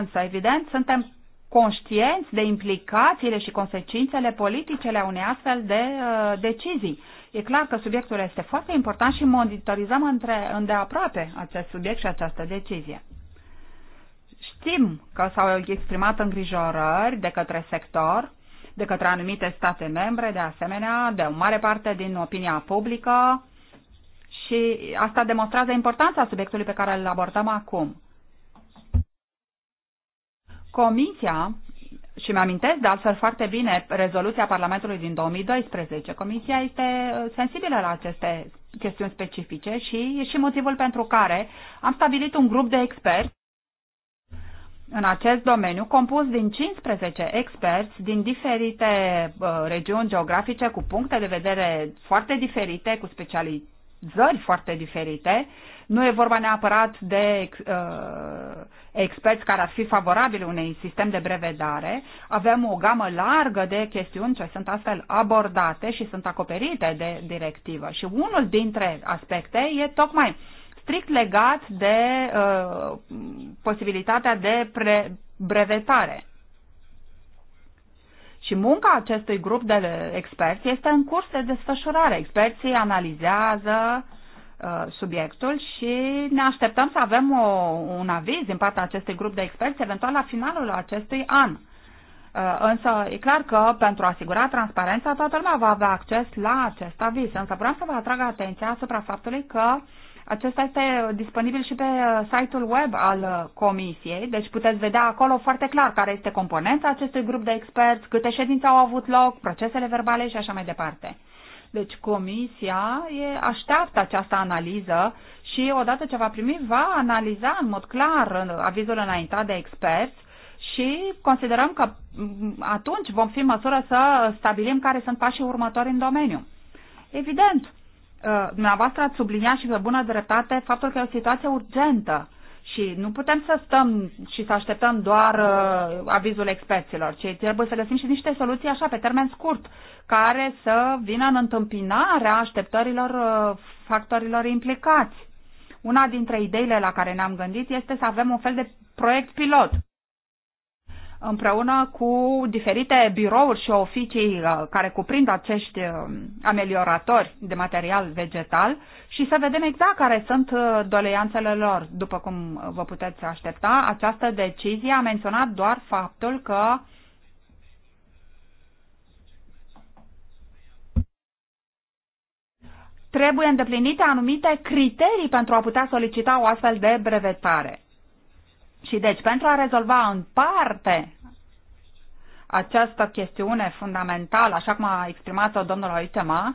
Însă, evident, suntem conștienți de implicațiile și consecințele politice ale unei astfel de uh, decizii. E clar că subiectul este foarte important și monitorizăm între, îndeaproape acest subiect și această decizie. Știm că s-au exprimat îngrijorări de către sector, de către anumite state membre, de asemenea, de o mare parte din opinia publică și asta demonstrează importanța subiectului pe care îl abordăm acum. Comisia, și mi-amintesc de altfel foarte bine rezoluția Parlamentului din 2012, Comisia este uh, sensibilă la aceste chestiuni specifice și e și motivul pentru care am stabilit un grup de experți în acest domeniu, compus din 15 experți din diferite uh, regiuni geografice cu puncte de vedere foarte diferite, cu specializări foarte diferite nu e vorba neapărat de uh, experți care ar fi favorabili unei sistem de brevedare. Avem o gamă largă de chestiuni ce sunt astfel abordate și sunt acoperite de directivă. Și unul dintre aspecte e tocmai strict legat de uh, posibilitatea de pre- brevetare. Și munca acestui grup de experți este în curs de desfășurare. Experții analizează Uh, subiectul și ne așteptăm să avem o, un aviz din partea acestui grup de experți, eventual la finalul acestui an. Uh, însă e clar că pentru a asigura transparența toată lumea va avea acces la acest aviz. Însă vreau să vă atrag atenția asupra faptului că acesta este disponibil și pe uh, site-ul web al comisiei, deci puteți vedea acolo foarte clar care este componența acestui grup de experți, câte ședințe au avut loc, procesele verbale și așa mai departe. Deci comisia e, așteaptă această analiză și odată ce va primi, va analiza în mod clar avizul înaintat de experți și considerăm că mm, atunci vom fi în măsură să stabilim care sunt pașii următori în domeniu. Evident, uh, dumneavoastră ați subliniat și pe bună dreptate faptul că e o situație urgentă și nu putem să stăm și să așteptăm doar uh, avizul experților, ci trebuie să găsim și niște soluții așa, pe termen scurt, care să vină în întâmpinarea așteptărilor uh, factorilor implicați. Una dintre ideile la care ne-am gândit este să avem un fel de proiect pilot împreună cu diferite birouri și oficii uh, care cuprind acești uh, amelioratori de material vegetal și să vedem exact care sunt uh, doleanțele lor. După cum vă puteți aștepta, această decizie a menționat doar faptul că trebuie îndeplinite anumite criterii pentru a putea solicita o astfel de brevetare. Și deci, pentru a rezolva în parte această chestiune fundamentală, așa cum a exprimat-o domnul Oitema,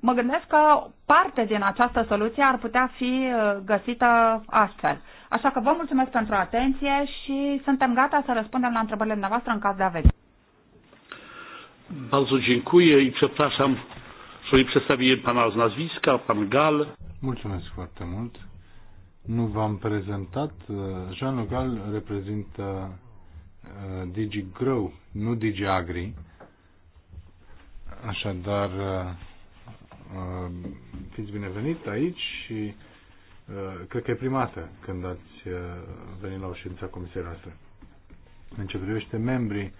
mă gândesc că parte din această soluție ar putea fi uh, găsită astfel. Așa că vă mulțumesc pentru atenție și suntem gata să răspundem la întrebările dumneavoastră în caz de aveți. Bardzo dziękuję i przepraszam, że nie przedstawiłem pana z nazwiska, pan Gal. Mulțumesc foarte mult nu v-am prezentat. Uh, Jean Logal reprezintă uh, Digi Grow, nu Digi Agri. Așadar, uh, fiți binevenit aici și cred că e prima dată când ați venit la o ședință a comisiei noastre. În ce privește membrii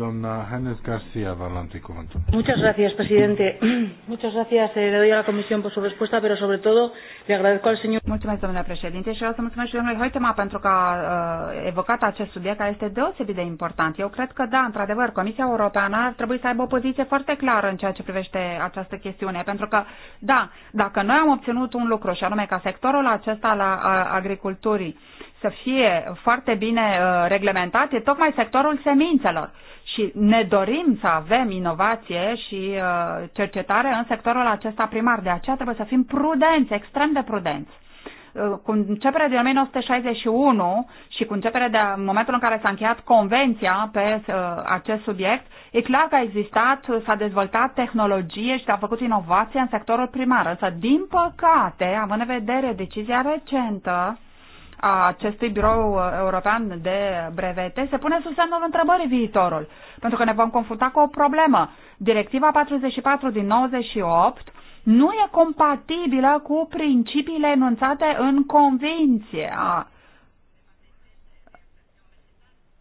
Doamna Hannes Garcia va lua cuvântul. Muchas gracias, presidente. Muchas gracias, Eh, le doy a la comisión por su respuesta, pero sobre todo le agradezco al señor... Mulțumesc, domnule președinte, și vreau să mulțumesc și domnului Hoitema pentru că a uh, evocat acest subiect care este deosebit de important. Eu cred că, da, într-adevăr, Comisia Europeană ar trebui să aibă o poziție foarte clară în ceea ce privește această chestiune, pentru că, da, dacă noi am obținut un lucru și anume ca sectorul acesta la uh, agriculturii să fie foarte bine uh, reglementat, e tocmai sectorul semințelor și ne dorim să avem inovație și uh, cercetare în sectorul acesta primar. De aceea trebuie să fim prudenți, extrem de prudenți uh, cu începerea din 1961 și cu începerea de momentul în care s-a încheiat convenția pe uh, acest subiect, e clar că a existat, s-a dezvoltat tehnologie și s-a făcut inovație în sectorul primar. Însă, din păcate, având în vedere decizia recentă a acestui birou uh, european de brevete se pune sub semnul întrebării viitorul, pentru că ne vom confrunta cu o problemă. Directiva 44 din 98 nu e compatibilă cu principiile enunțate în convenție a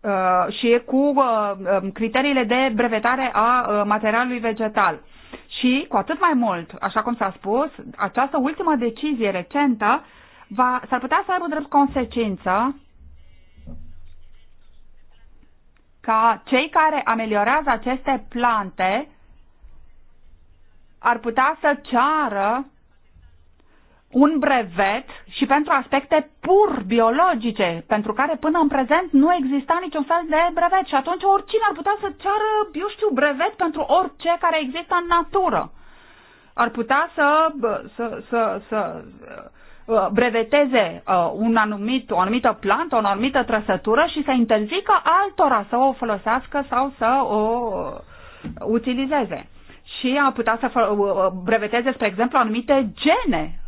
uh, și cu uh, um, criteriile de brevetare a materialului vegetal. Și, cu atât mai mult, așa cum s-a spus, această ultimă decizie recentă va, s-ar putea să aibă drept consecință ca cei care ameliorează aceste plante ar putea să ceară un brevet și pentru aspecte pur biologice, pentru care până în prezent nu exista niciun fel de brevet și atunci oricine ar putea să ceară, eu știu, brevet pentru orice care există în natură. Ar putea să, să, să, să, Uh, breveteze uh, un anumit, o anumită plantă, o anumită trăsătură și să interzică altora să o folosească sau să o uh, utilizeze. Și a putea să breveteze, spre exemplu, anumite gene.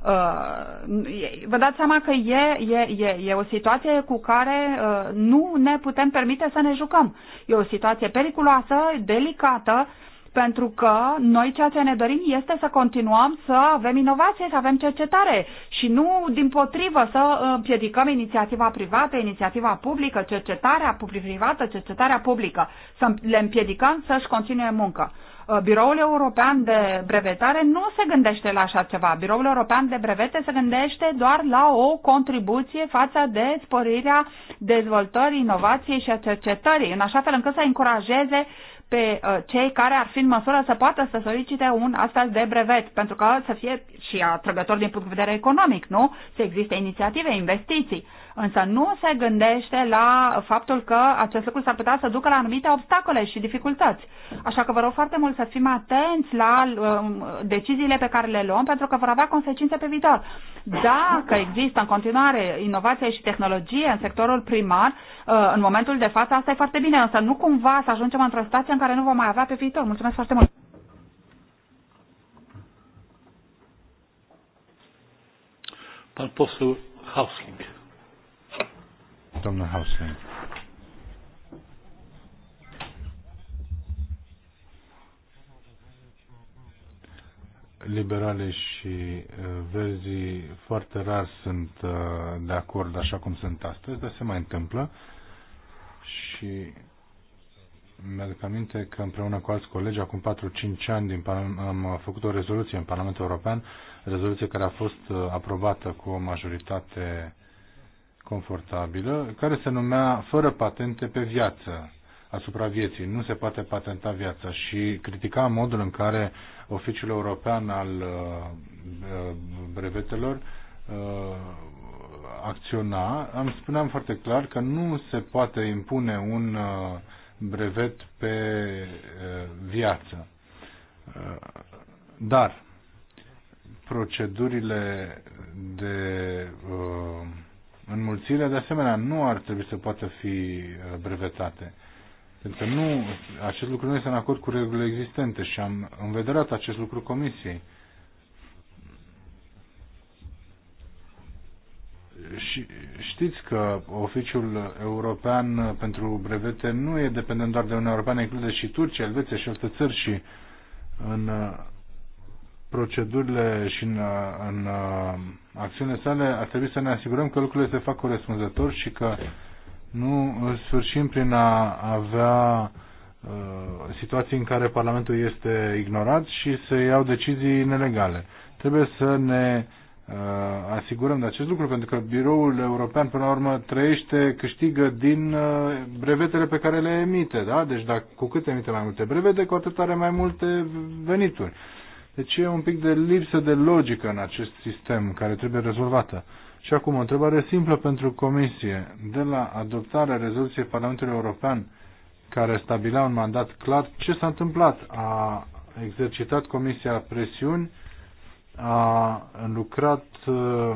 Vă dați seama că e, e, e, e o situație cu care nu ne putem permite să ne jucăm. E o situație periculoasă, delicată, pentru că noi ceea ce ne dorim este să continuăm să avem inovație, să avem cercetare și nu, din potrivă, să împiedicăm inițiativa privată, inițiativa publică, cercetarea privată, cercetarea publică, să le împiedicăm să-și continue muncă. Uh, Biroul European de Brevetare nu se gândește la așa ceva. Biroul European de Brevete se gândește doar la o contribuție față de sporirea dezvoltării, inovației și a cercetării, în așa fel încât să încurajeze pe uh, cei care ar fi în măsură să poată să solicite un astfel de brevet, pentru că să fie și atrăgător din punct de vedere economic, nu? Să existe inițiative, investiții. Însă nu se gândește la faptul că acest lucru s-ar putea să ducă la anumite obstacole și dificultăți. Așa că vă rog foarte mult să fim atenți la um, deciziile pe care le luăm, pentru că vor avea consecințe pe viitor. Dacă există în continuare inovație și tehnologie în sectorul primar, uh, în momentul de față, asta e foarte bine, însă nu cumva să ajungem într-o situație care nu vom mai avea pe viitor. Mulțumesc foarte mult! Pan poseł Hausling. Domnul Hausling. liberale și uh, verzii foarte rar sunt uh, de acord așa cum sunt astăzi, dar se mai întâmplă și mi-aduc aminte că împreună cu alți colegi, acum 4-5 ani, din, am făcut o rezoluție în Parlamentul European, rezoluție care a fost uh, aprobată cu o majoritate confortabilă, care se numea Fără patente pe viață asupra vieții. Nu se poate patenta viața și critica modul în care oficiul european al uh, uh, brevetelor acționa. Am spuneam foarte clar că nu se poate impune un uh, brevet pe uh, viață. Uh, dar procedurile de uh, înmulțire, de asemenea, nu ar trebui să poată fi brevetate. Pentru că nu, acest lucru nu este în acord cu regulile existente și am învederat acest lucru Comisiei. și știți că oficiul european pentru brevete nu e dependent doar de Uniunea Europeană, include și Turcia, Elveția și alte țări și în uh, procedurile și în, uh, în uh, acțiunile sale ar trebui să ne asigurăm că lucrurile se fac corespunzător și că nu sfârșim prin a avea situații în care Parlamentul este ignorat și se iau decizii nelegale. Trebuie să ne Uh, asigurăm de acest lucru, pentru că biroul european, până la urmă, trăiește, câștigă din uh, brevetele pe care le emite, da? Deci dacă, cu cât emite mai multe brevete, cu atât are mai multe venituri. Deci e un pic de lipsă de logică în acest sistem care trebuie rezolvată. Și acum o întrebare simplă pentru Comisie. De la adoptarea rezoluției Parlamentului European care stabilea un mandat clar, ce s-a întâmplat? A exercitat Comisia presiuni a lucrat uh,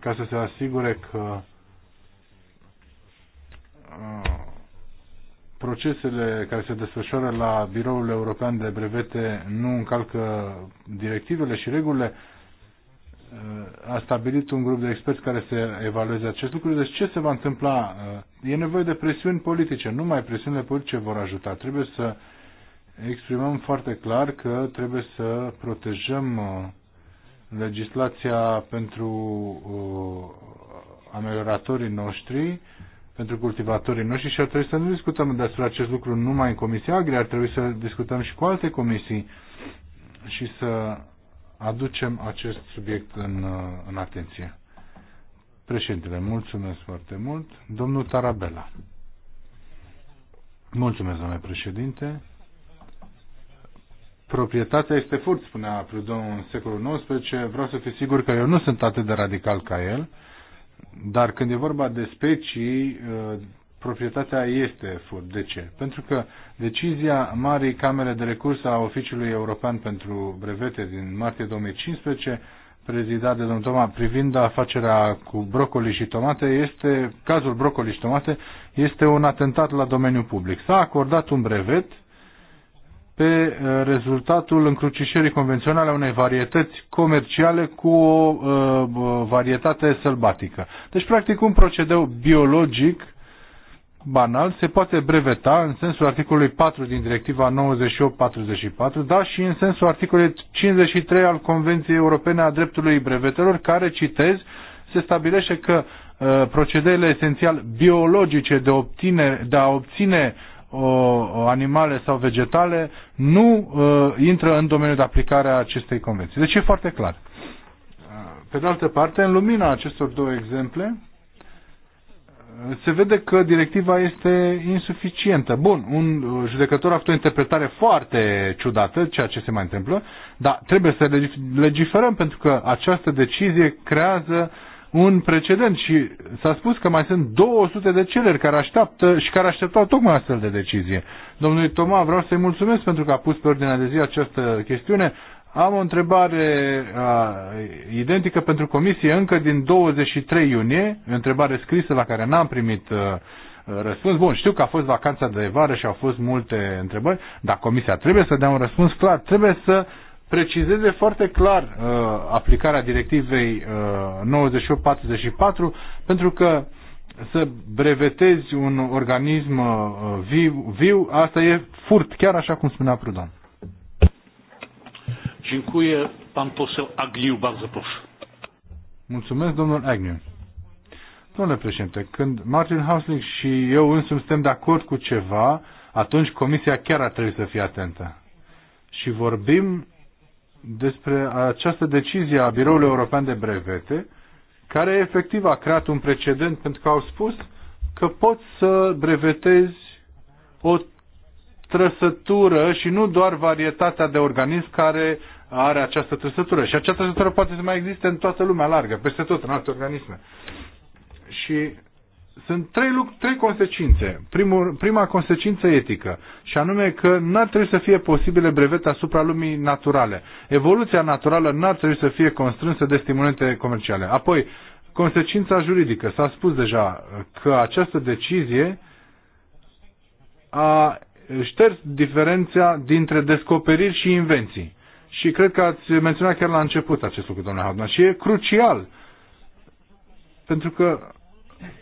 ca să se asigure că uh, procesele care se desfășoară la Biroul European de Brevete nu încalcă directivele și regulile, uh, a stabilit un grup de experți care să evalueze acest lucru. Deci ce se va întâmpla? E nevoie de presiuni politice. Numai presiunile politice vor ajuta. Trebuie să exprimăm foarte clar că trebuie să protejăm legislația pentru uh, amelioratorii noștri, pentru cultivatorii noștri și ar trebui să nu discutăm despre acest lucru numai în Comisia Agri, ar trebui să discutăm și cu alte comisii și să aducem acest subiect în, uh, în atenție. Președintele, mulțumesc foarte mult. Domnul Tarabela. Mulțumesc, domnule președinte proprietatea este furt, spunea Prudon în secolul XIX, vreau să fiu sigur că eu nu sunt atât de radical ca el, dar când e vorba de specii, uh, proprietatea este furt. De ce? Pentru că decizia Marii Camere de Recurs a Oficiului European pentru Brevete din martie 2015, prezidat de domnul Toma, privind afacerea cu brocoli și tomate, este, cazul brocoli și tomate, este un atentat la domeniul public. S-a acordat un brevet pe eh, rezultatul încrucișării convenționale a unei varietăți comerciale cu o eh, varietate sălbatică. Deci, practic, un procedeu biologic banal se poate breveta în sensul articolului 4 din directiva 98/44, dar și în sensul articolului 53 al Convenției Europene a Dreptului Brevetelor, care, citez, se stabilește că eh, procedeele esențial biologice de, obține, de a obține o, animale sau vegetale nu uh, intră în domeniul de aplicare a acestei convenții. Deci e foarte clar. Uh, pe de altă parte, în lumina acestor două exemple, uh, se vede că directiva este insuficientă. Bun, un uh, judecător a făcut o interpretare foarte ciudată, ceea ce se mai întâmplă, dar trebuie să legiferăm pentru că această decizie creează uh, un precedent și s-a spus că mai sunt 200 de cereri care așteaptă și care așteptau tocmai astfel de decizie. Domnului Toma, vreau să-i mulțumesc pentru că a pus pe ordinea de zi această chestiune. Am o întrebare a, identică pentru comisie încă din 23 iunie, o întrebare scrisă la care n-am primit a, răspuns. Bun, știu că a fost vacanța de vară și au fost multe întrebări, dar comisia trebuie să dea un răspuns clar, trebuie să precizeze foarte clar uh, aplicarea directivei uh, 44 pentru că să brevetezi un organism uh, viu, viu, asta e furt, chiar așa cum spunea Prudon. Dziękuję. Pan poseł Agniu, bardzo proszę. Mulțumesc, domnul Agniu. Domnule președinte, când Martin Hausling și eu însumi suntem de acord cu ceva, atunci comisia chiar ar trebui să fie atentă. Și vorbim despre această decizie a Biroului European de Brevete, care efectiv a creat un precedent pentru că au spus că poți să brevetezi o trăsătură și nu doar varietatea de organism care are această trăsătură. Și această trăsătură poate să mai existe în toată lumea largă, peste tot în alte organisme. Și sunt trei, luc- trei consecințe. Primul, prima consecință etică, și anume că nu ar trebui să fie posibile brevet asupra lumii naturale. Evoluția naturală nu ar trebui să fie constrânsă de stimulente comerciale. Apoi, consecința juridică. S-a spus deja că această decizie a șters diferența dintre descoperiri și invenții. Și cred că ați menționat chiar la început acest lucru, domnule Haudman. Și e crucial. Pentru că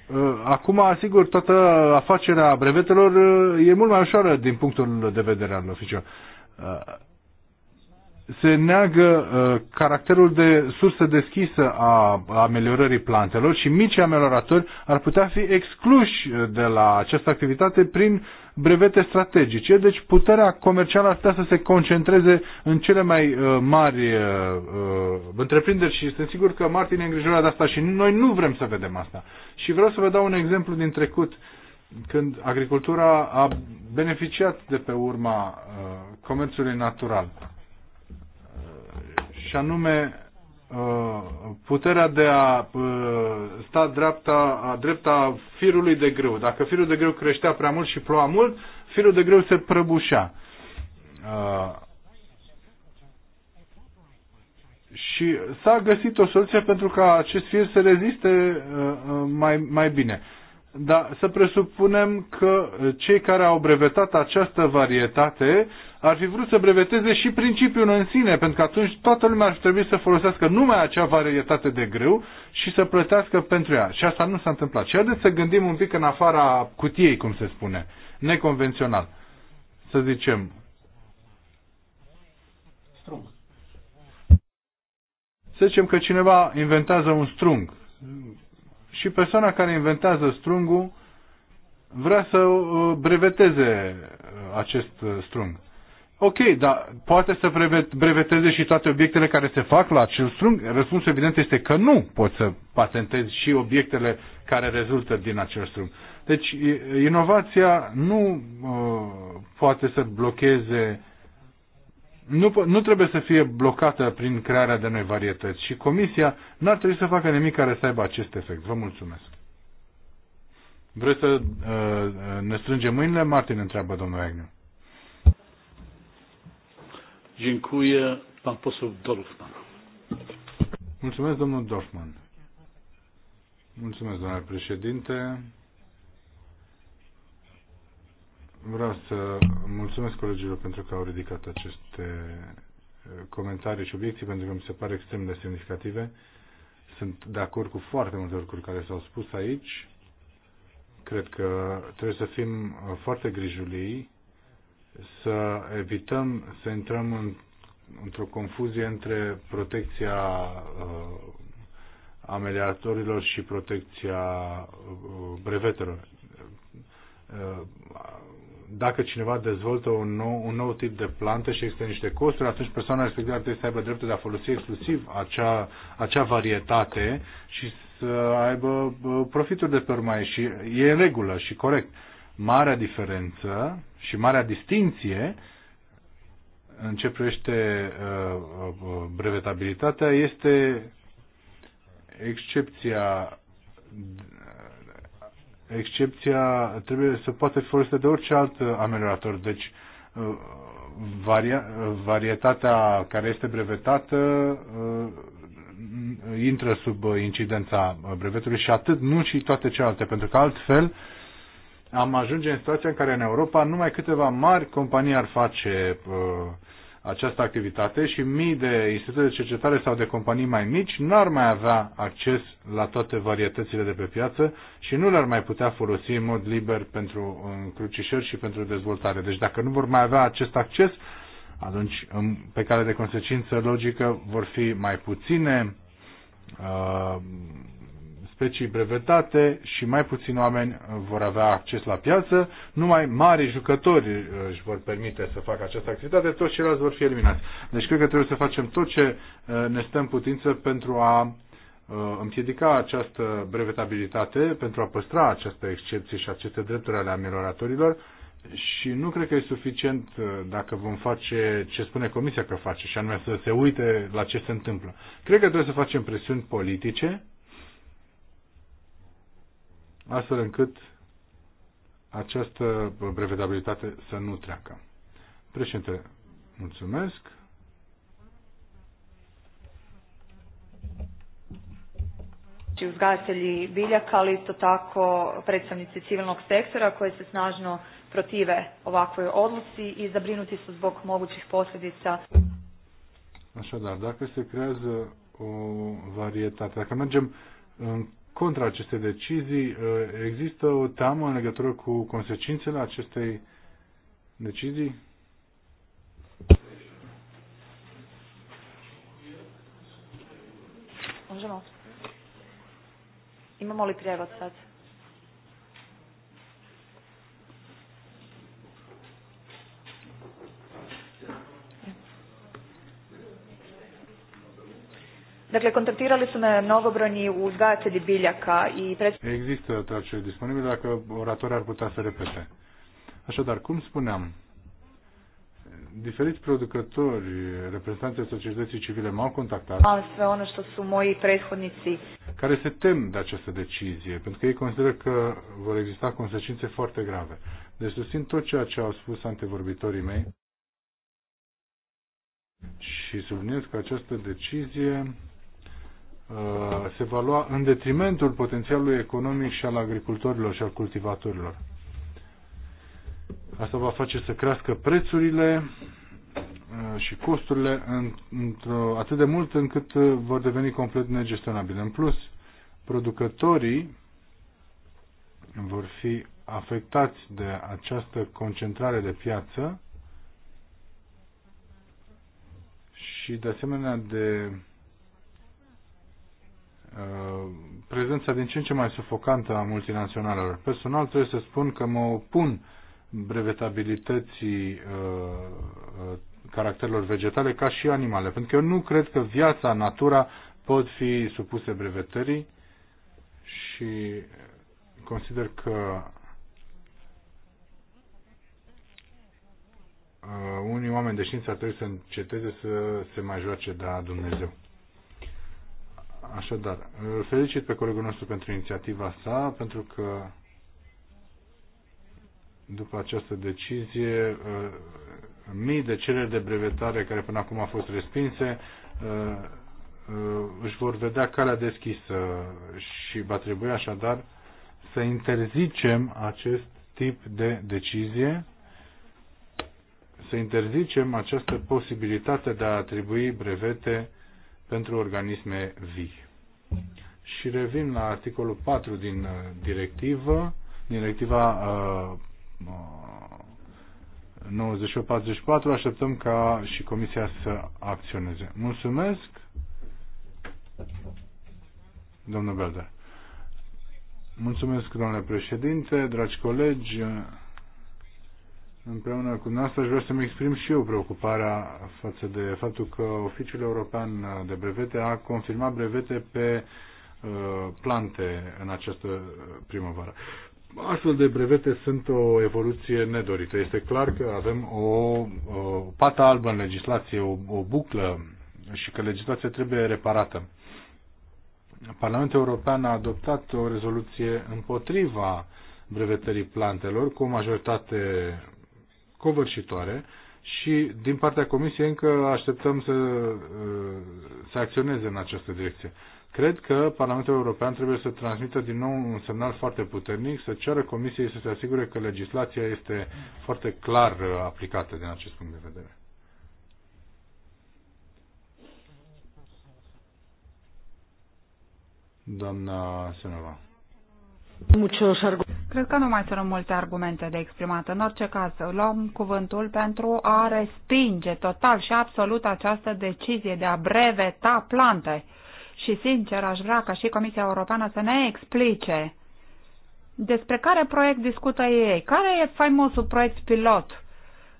Uh, acum, asigur, toată afacerea brevetelor uh, e mult mai ușoară din punctul de vedere al oficial. Uh, se neagă caracterul de sursă deschisă a ameliorării plantelor și mici amelioratori ar putea fi excluși de la această activitate prin brevete strategice. Deci puterea comercială ar putea să se concentreze în cele mai uh, mari uh, uh, întreprinderi și sunt sigur că Martin e îngrijorat de asta și noi nu vrem să vedem asta. Și vreau să vă dau un exemplu din trecut când agricultura a beneficiat de pe urma uh, comerțului natural. Uh, și anume Uh, puterea de a uh, sta dreapta, a drepta firului de grâu. Dacă firul de grâu creștea prea mult și ploua mult, firul de grâu se prăbușea. Uh, și s-a găsit o soluție pentru ca acest fir să reziste mai, mai bine. Dar să presupunem că cei care au brevetat această varietate ar fi vrut să breveteze și principiul în sine, pentru că atunci toată lumea ar fi trebuit să folosească numai acea varietate de grâu și să plătească pentru ea. Și asta nu s-a întâmplat. Și haideți să gândim un pic în afara cutiei, cum se spune, neconvențional. Să zicem. Strung. Să zicem că cineva inventează un strung și persoana care inventează strungul vrea să uh, breveteze uh, acest uh, strung. Ok, dar poate să breveteze și toate obiectele care se fac la acel strung? Răspunsul evident este că nu poți să patentezi și obiectele care rezultă din acel strung. Deci inovația nu uh, poate să blocheze, nu, nu trebuie să fie blocată prin crearea de noi varietăți și comisia n-ar trebui să facă nimic care să aibă acest efect. Vă mulțumesc. Vreți să uh, ne strângem mâinile? Martin întreabă domnul Agnew. Dziękuję. Pan poseł Dorfman. Mulțumesc, domnul Dorfman. Mulțumesc, domnule președinte. Vreau să mulțumesc colegilor pentru că au ridicat aceste eh, comentarii și obiecții, pentru că mi se pare extrem de semnificative. Sunt de acord cu foarte multe lucruri care s-au spus aici. Cred că trebuie să fim eh, foarte grijulii să evităm să intrăm în, într-o confuzie între protecția uh, amelioratorilor și protecția uh, brevetelor. Uh, dacă cineva dezvoltă un nou, un nou tip de plantă și există niște costuri, atunci persoana respectivă trebuie să aibă dreptul de a folosi exclusiv acea, acea varietate și să aibă uh, profituri de pe urma ei. Și e regulă și corect. Uh, marea diferență și marea distinție în ce privește uh, uh, brevetabilitatea este excepția excepția trebuie să poate fi folosită de orice alt uh, ameliorator. Deci varia, varietatea care este brevetată intră sub incidența brevetului și atât, nu și toate celelalte, pentru că altfel am ajunge în situația în care în Europa numai câteva mari companii ar face uh, această activitate și mii de institute de cercetare sau de companii mai mici n-ar mai avea acces la toate varietățile de pe piață și nu le-ar mai putea folosi în mod liber pentru încrucișări și pentru dezvoltare. Deci dacă nu vor mai avea acest acces, atunci pe care de consecință logică vor fi mai puține uh, specii brevetate și mai puțini oameni vor avea acces la piață, numai mari jucători uh, își vor permite să facă această activitate, toți ceilalți vor fi eliminați. Deci cred că trebuie să facem tot ce uh, ne stă în putință pentru a uh, împiedica această brevetabilitate, pentru a păstra această excepție și aceste drepturi ale amelioratorilor și nu cred că e suficient dacă vom face ce spune Comisia că face, și anume să se uite la ce se întâmplă. Cred că trebuie să facem presiuni politice astfel încât această brevedabilitate să nu treacă. Președinte, mulțumesc. znači uzgajatelji biljaka, ali isto tako predstavnici civilnog sektora koji se snažno protive ovakvoj odluci i zabrinuti su zbog mogućih posljedica. Așadar, dacă se creează o varietate, dacă mergem contra acestei decizii. Uh, există o teamă în legătură cu consecințele acestei decizii? Možemo. Imamo li prijevod sad? Dakle, kontaktirali su me mnogobrojni uzgajatelji biljaka i pred... Există ce disponibil dacă oratorii ar putea să repete. Așadar, cum spuneam, diferiți producători, reprezentanții societății civile m-au contactat. Am sve ono što su moji prethodnici. Care se tem de această decizie, pentru că ei consideră că vor exista consecințe foarte grave. Deci susțin tot ceea ce au spus antevorbitorii mei și subliniez că această decizie Uh, se va lua în detrimentul potențialului economic și al agricultorilor și al cultivatorilor. Asta va face să crească prețurile uh, și costurile atât de mult încât uh, vor deveni complet negestionabile. În plus, producătorii vor fi afectați de această concentrare de piață și de asemenea de prezența din ce în ce mai sufocantă a multinaționalelor. Personal trebuie să spun că mă opun brevetabilității uh, uh, caracterelor vegetale ca și animale, pentru că eu nu cred că viața, natura pot fi supuse brevetării și consider că uh, unii oameni de știință trebuie să înceteze să se mai joace de Dumnezeu. Așadar, îl felicit pe colegul nostru pentru inițiativa sa, pentru că după această decizie, uh, mii de cereri de brevetare care până acum au fost respinse uh, uh, își vor vedea calea deschisă și va trebui așadar să interzicem acest tip de decizie, să interzicem această posibilitate de a atribui brevete pentru organisme vii. Și revin la articolul 4 din uh, directivă, directiva 9844, uh, uh, așteptăm ca și Comisia să acționeze. Mulțumesc, domnul Belder. Mulțumesc, domnule președinte, dragi colegi împreună cu noastră, aș vrea să-mi exprim și eu preocuparea față de faptul că Oficiul European de Brevete a confirmat brevete pe uh, plante în această primăvară. Astfel de brevete sunt o evoluție nedorită. Este clar că avem o, o pată albă în legislație, o, o buclă și că legislația trebuie reparată. Parlamentul European a adoptat o rezoluție împotriva brevetării plantelor cu o majoritate covârșitoare și din partea Comisiei încă așteptăm să, uh, să acționeze în această direcție. Cred că Parlamentul European trebuie să transmită din nou un semnal foarte puternic, să ceară Comisiei să se asigure că legislația este foarte clar uh, aplicată din acest punct de vedere. Doamna Senova. Cred că nu mai sunt multe argumente de exprimat. În orice caz, luăm cuvântul pentru a respinge total și absolut această decizie de a breveta plante. Și sincer, aș vrea ca și Comisia Europeană să ne explice despre care proiect discută ei, care e faimosul proiect pilot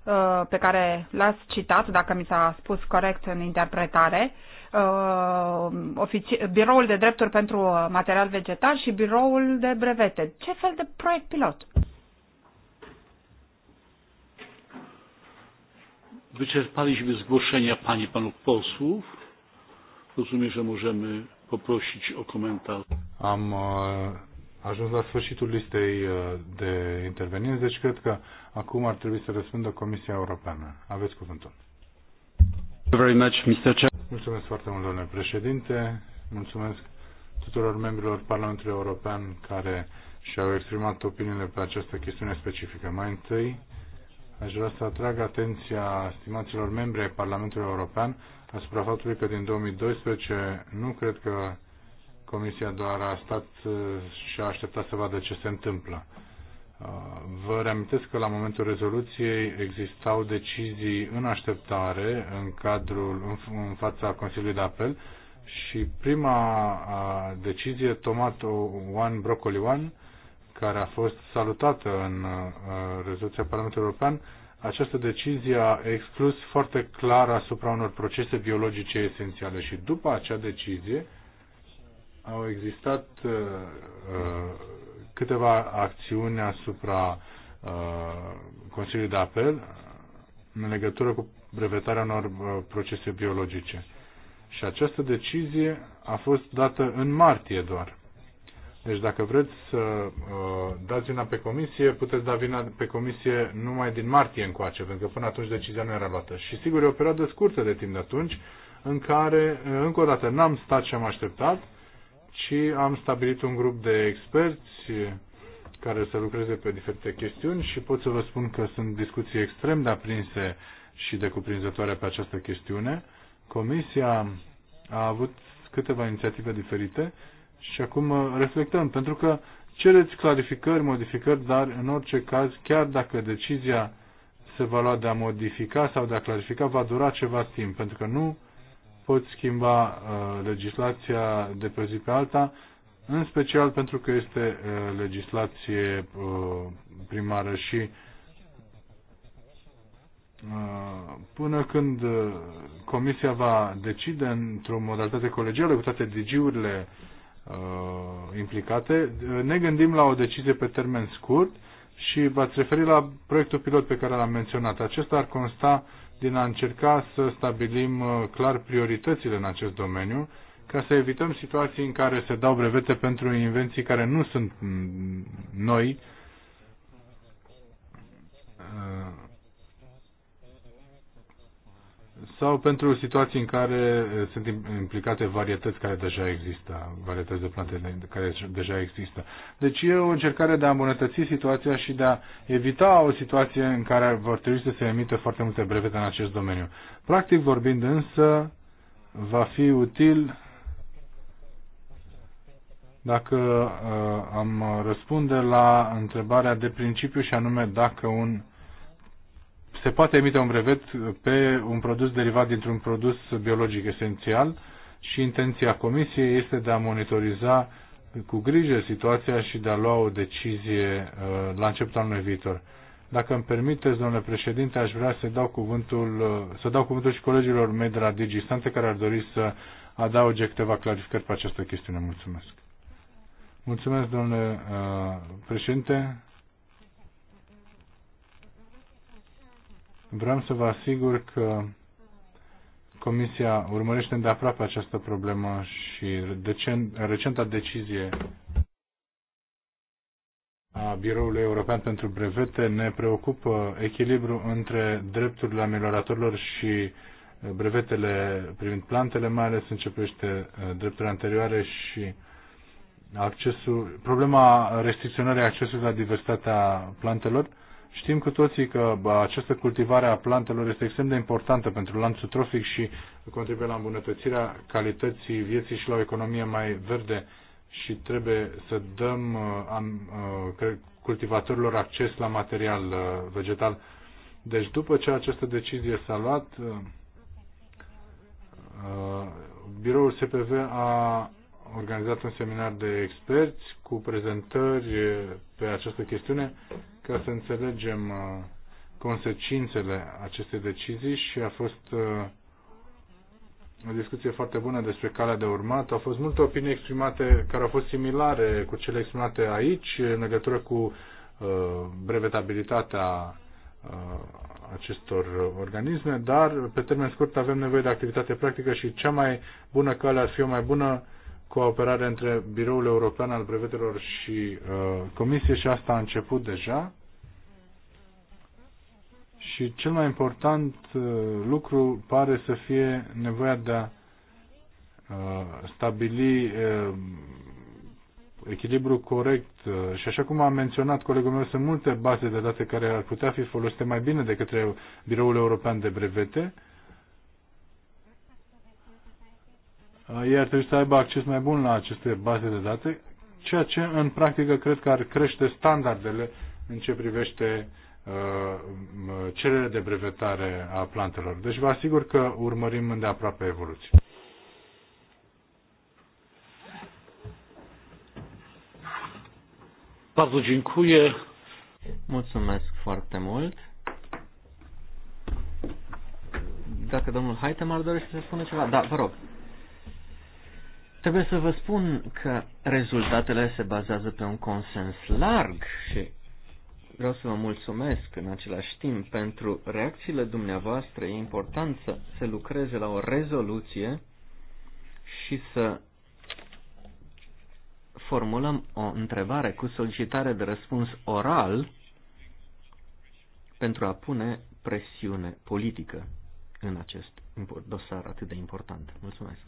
uh, pe care l-ați citat, dacă mi s-a spus corect în interpretare, uh, biroul de drepturi pentru uh, material vegetal și biroul de brevete. Ce fel de proiect pilot? Wyczerpaliśmy zgłoszenia Pani i Panów Posłów. Rozumiem, że możemy poprosić o komentarz. Am uh, ajuns la sfârșitul listei uh, de intervenienți, deci cred că acum ar trebui să răspundă Comisia Europeană. Aveți cuvântul. Mulțumesc foarte mult, domnule președinte. Mulțumesc tuturor membrilor Parlamentului European care și-au exprimat opiniile pe această chestiune specifică. Mai întâi, aș vrea să atrag atenția stimaților membri ai Parlamentului European asupra faptului că din 2012 nu cred că Comisia doar a stat uh, și a așteptat să vadă ce se întâmplă. Uh, vă reamintesc că la momentul rezoluției existau decizii în așteptare în cadrul în fața Consiliului de Apel și prima uh, decizie, Tomato One Broccoli One, care a fost salutată în uh, rezoluția Parlamentului European, această decizie a exclus foarte clar asupra unor procese biologice esențiale și după acea decizie au existat uh, câteva acțiuni asupra uh, Consiliului de Apel în legătură cu brevetarea unor uh, procese biologice. Și această decizie a fost dată în martie doar. Deci dacă vreți să uh, dați vina pe comisie, puteți da vina pe comisie numai din martie încoace, pentru că până atunci decizia nu era luată. Și sigur e o perioadă scurtă de timp de atunci, în care, uh, încă o dată, n-am stat și am așteptat, ci am stabilit un grup de experți care să lucreze pe diferite chestiuni și pot să vă spun că sunt discuții extrem de aprinse și de cuprinzătoare pe această chestiune. Comisia a avut câteva inițiative diferite și acum reflectăm, pentru că cereți clarificări, modificări, dar în orice caz, chiar dacă decizia se va lua de a modifica sau de a clarifica, va dura ceva timp, pentru că nu poți schimba uh, legislația de pe zi pe alta, în special pentru că este uh, legislație uh, primară și uh, până când uh, Comisia va decide într-o modalitate colegială cu toate digiurile uh, implicate, uh, ne gândim la o decizie pe termen scurt și v-ați referit la proiectul pilot pe care l-am menționat. Acesta ar consta din a încerca să stabilim uh, clar prioritățile în acest domeniu, ca să evităm situații în care se dau brevete pentru invenții care nu sunt mm, noi, uh, sau pentru situații în care eh, sunt implicate varietăți care deja există, varietăți de plante care deja există. Deci e o încercare de a îmbunătăți situația și de a evita o situație în care vor trebui să se emită foarte multe brevete în acest domeniu. Practic vorbind însă, va fi util dacă uh, am răspunde la întrebarea de principiu și anume dacă un uh, se poate emite un brevet pe un produs derivat dintr-un produs biologic esențial și intenția Comisiei este de a monitoriza cu grijă situația și de a lua o decizie uh, la începutul anului viitor. Dacă îmi permiteți, domnule președinte, aș vrea să dau cuvântul, uh, să dau cuvântul și colegilor mei de la Digistante care ar dori să adauge câteva clarificări pe această chestiune. Mulțumesc. Mulțumesc, domnule uh, președinte. Vreau să vă asigur că Comisia urmărește îndeaproape această problemă și recenta decizie a Biroului European pentru Brevete ne preocupă echilibru între drepturile amelioratorilor și uh, brevetele privind plantele, mai ales începește uh, drepturile anterioare și accesul, problema restricționării accesului la diversitatea plantelor Știm cu toții că această cultivare a plantelor este extrem de importantă pentru lanțul trofic și contribuie la îmbunătățirea calității vieții și la o economie mai verde și trebuie să dăm uh, uh, cultivatorilor acces la material uh, vegetal. Deci după ce această decizie s-a luat, biroul CPV a organizat un seminar de experți cu prezentări pe această chestiune ca să înțelegem uh, consecințele acestei decizii și a fost uh, o discuție foarte bună despre calea de urmat. Au fost multe opinii exprimate care au fost similare cu cele exprimate aici în legătură cu uh, brevetabilitatea acestor organisme, dar pe termen scurt avem nevoie de activitate practică și cea mai bună cale ar fi o mai bună cooperare între Biroul European al Brevetelor și uh, Comisie și asta a început deja. Și cel mai important uh, lucru pare să fie nevoia de a uh, stabili uh, echilibru corect și așa cum a menționat colegul meu, sunt multe baze de date care ar putea fi folosite mai bine de către Biroul European de Brevete. Ei ar trebui să aibă acces mai bun la aceste baze de date, ceea ce în practică cred că ar crește standardele în ce privește Uh, cererea de brevetare a plantelor. Deci vă asigur că urmărim îndeaproape evoluția. Bardzo dziękuję. Mulțumesc foarte mult. Dacă domnul Haitemar dorește să spună ceva, da, vă rog. Trebuie să vă spun că rezultatele se bazează pe un consens larg și vreau să vă mulțumesc în același timp pentru reacțiile dumneavoastră. E important să se lucreze la o rezoluție și să formulăm o întrebare cu solicitare de răspuns oral pentru a pune presiune politică în acest dosar atât de important. Mulțumesc!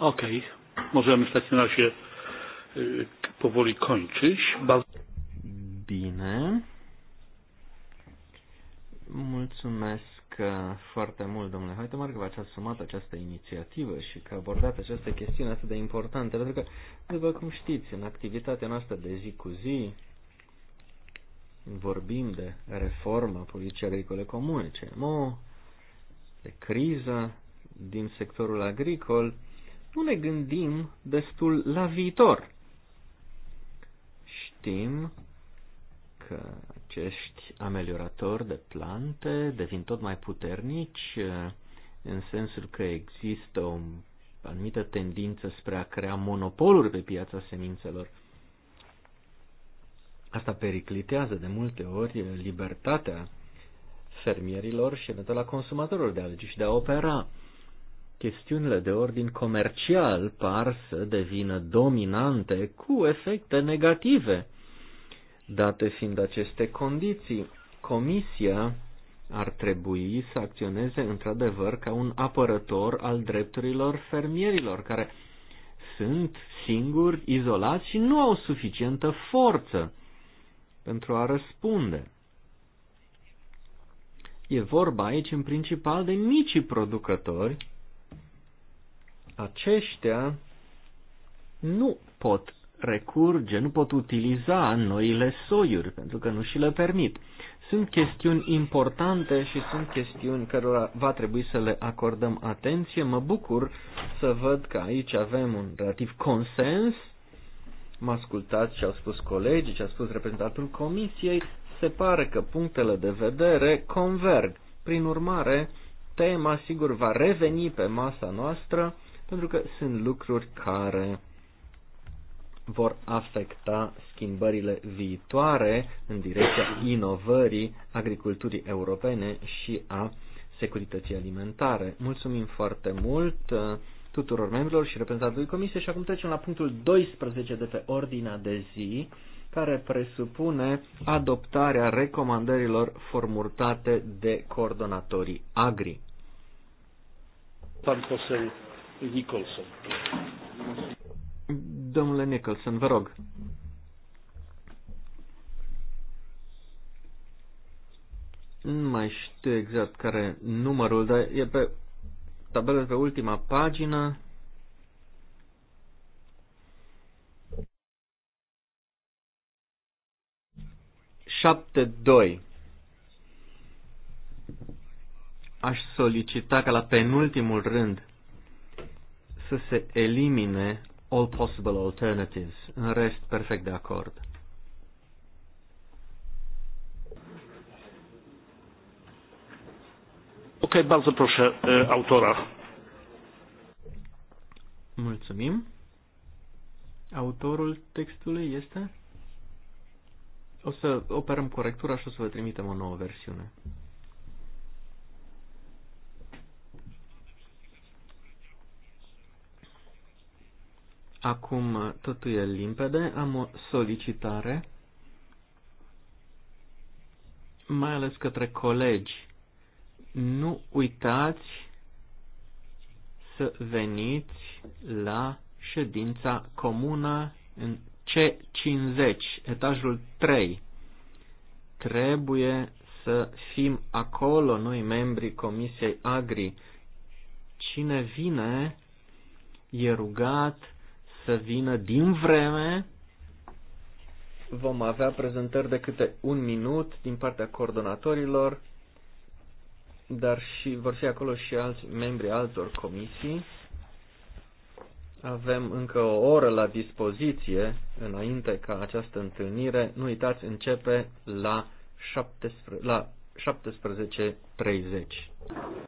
Okej, okay. możemy w takim razie powoli kończyć. Bine. Mulțumesc foarte mult, domnule Haidemar că v-ați asumat această inițiativă și că abordați această chestiune atât de importantă, pentru că, după cum știți, în activitatea noastră de zi cu zi vorbim de reforma politicii agricole comune, CMO, de criză din sectorul agricol, nu ne gândim destul la viitor. Știm că acești amelioratori de plante devin tot mai puternici în sensul că există o anumită tendință spre a crea monopoluri pe piața semințelor. Asta periclitează de multe ori libertatea fermierilor și eventual la consumatorilor de a alege și de a opera chestiunile de ordin comercial par să devină dominante cu efecte negative. Date fiind aceste condiții, Comisia ar trebui să acționeze într-adevăr ca un apărător al drepturilor fermierilor, care sunt singuri, izolați și nu au suficientă forță pentru a răspunde. E vorba aici în principal de mici producători aceștia nu pot recurge, nu pot utiliza noile soiuri, pentru că nu și le permit. Sunt chestiuni importante și sunt chestiuni cărora va trebui să le acordăm atenție. Mă bucur să văd că aici avem un relativ consens. M a ascultat ce au spus colegii, ce a spus reprezentantul comisiei. Se pare că punctele de vedere converg. Prin urmare, tema sigur va reveni pe masa noastră pentru că sunt lucruri care vor afecta schimbările viitoare în direcția inovării agriculturii europene și a securității alimentare. Mulțumim foarte mult uh, tuturor membrilor și reprezentantului Comisiei și acum trecem la punctul 12 de pe ordinea de zi, care presupune adoptarea recomandărilor formulate de coordonatorii agri. Pan Nicholson. Domnule Nicholson, vă rog. Nu mai știu exact care numărul, dar e pe tabelă pe ultima pagină. Șapte doi. Aș solicita ca la penultimul rând să se elimine all possible alternatives. În rest, perfect de acord. Ok, bardzo proszę autora. Mulțumim. Autorul textului este? O să operăm corectura și o să vă trimitem o nouă versiune. Acum totul e limpede. Am o solicitare, mai ales către colegi. Nu uitați să veniți la ședința comună în C50, etajul 3. Trebuie să fim acolo noi membrii Comisiei Agri. Cine vine e rugat să vină din vreme. Vom avea prezentări de câte un minut din partea coordonatorilor, dar și vor fi acolo și alți membri altor comisii. Avem încă o oră la dispoziție înainte ca această întâlnire, nu uitați, începe la 17.30. la 17.30.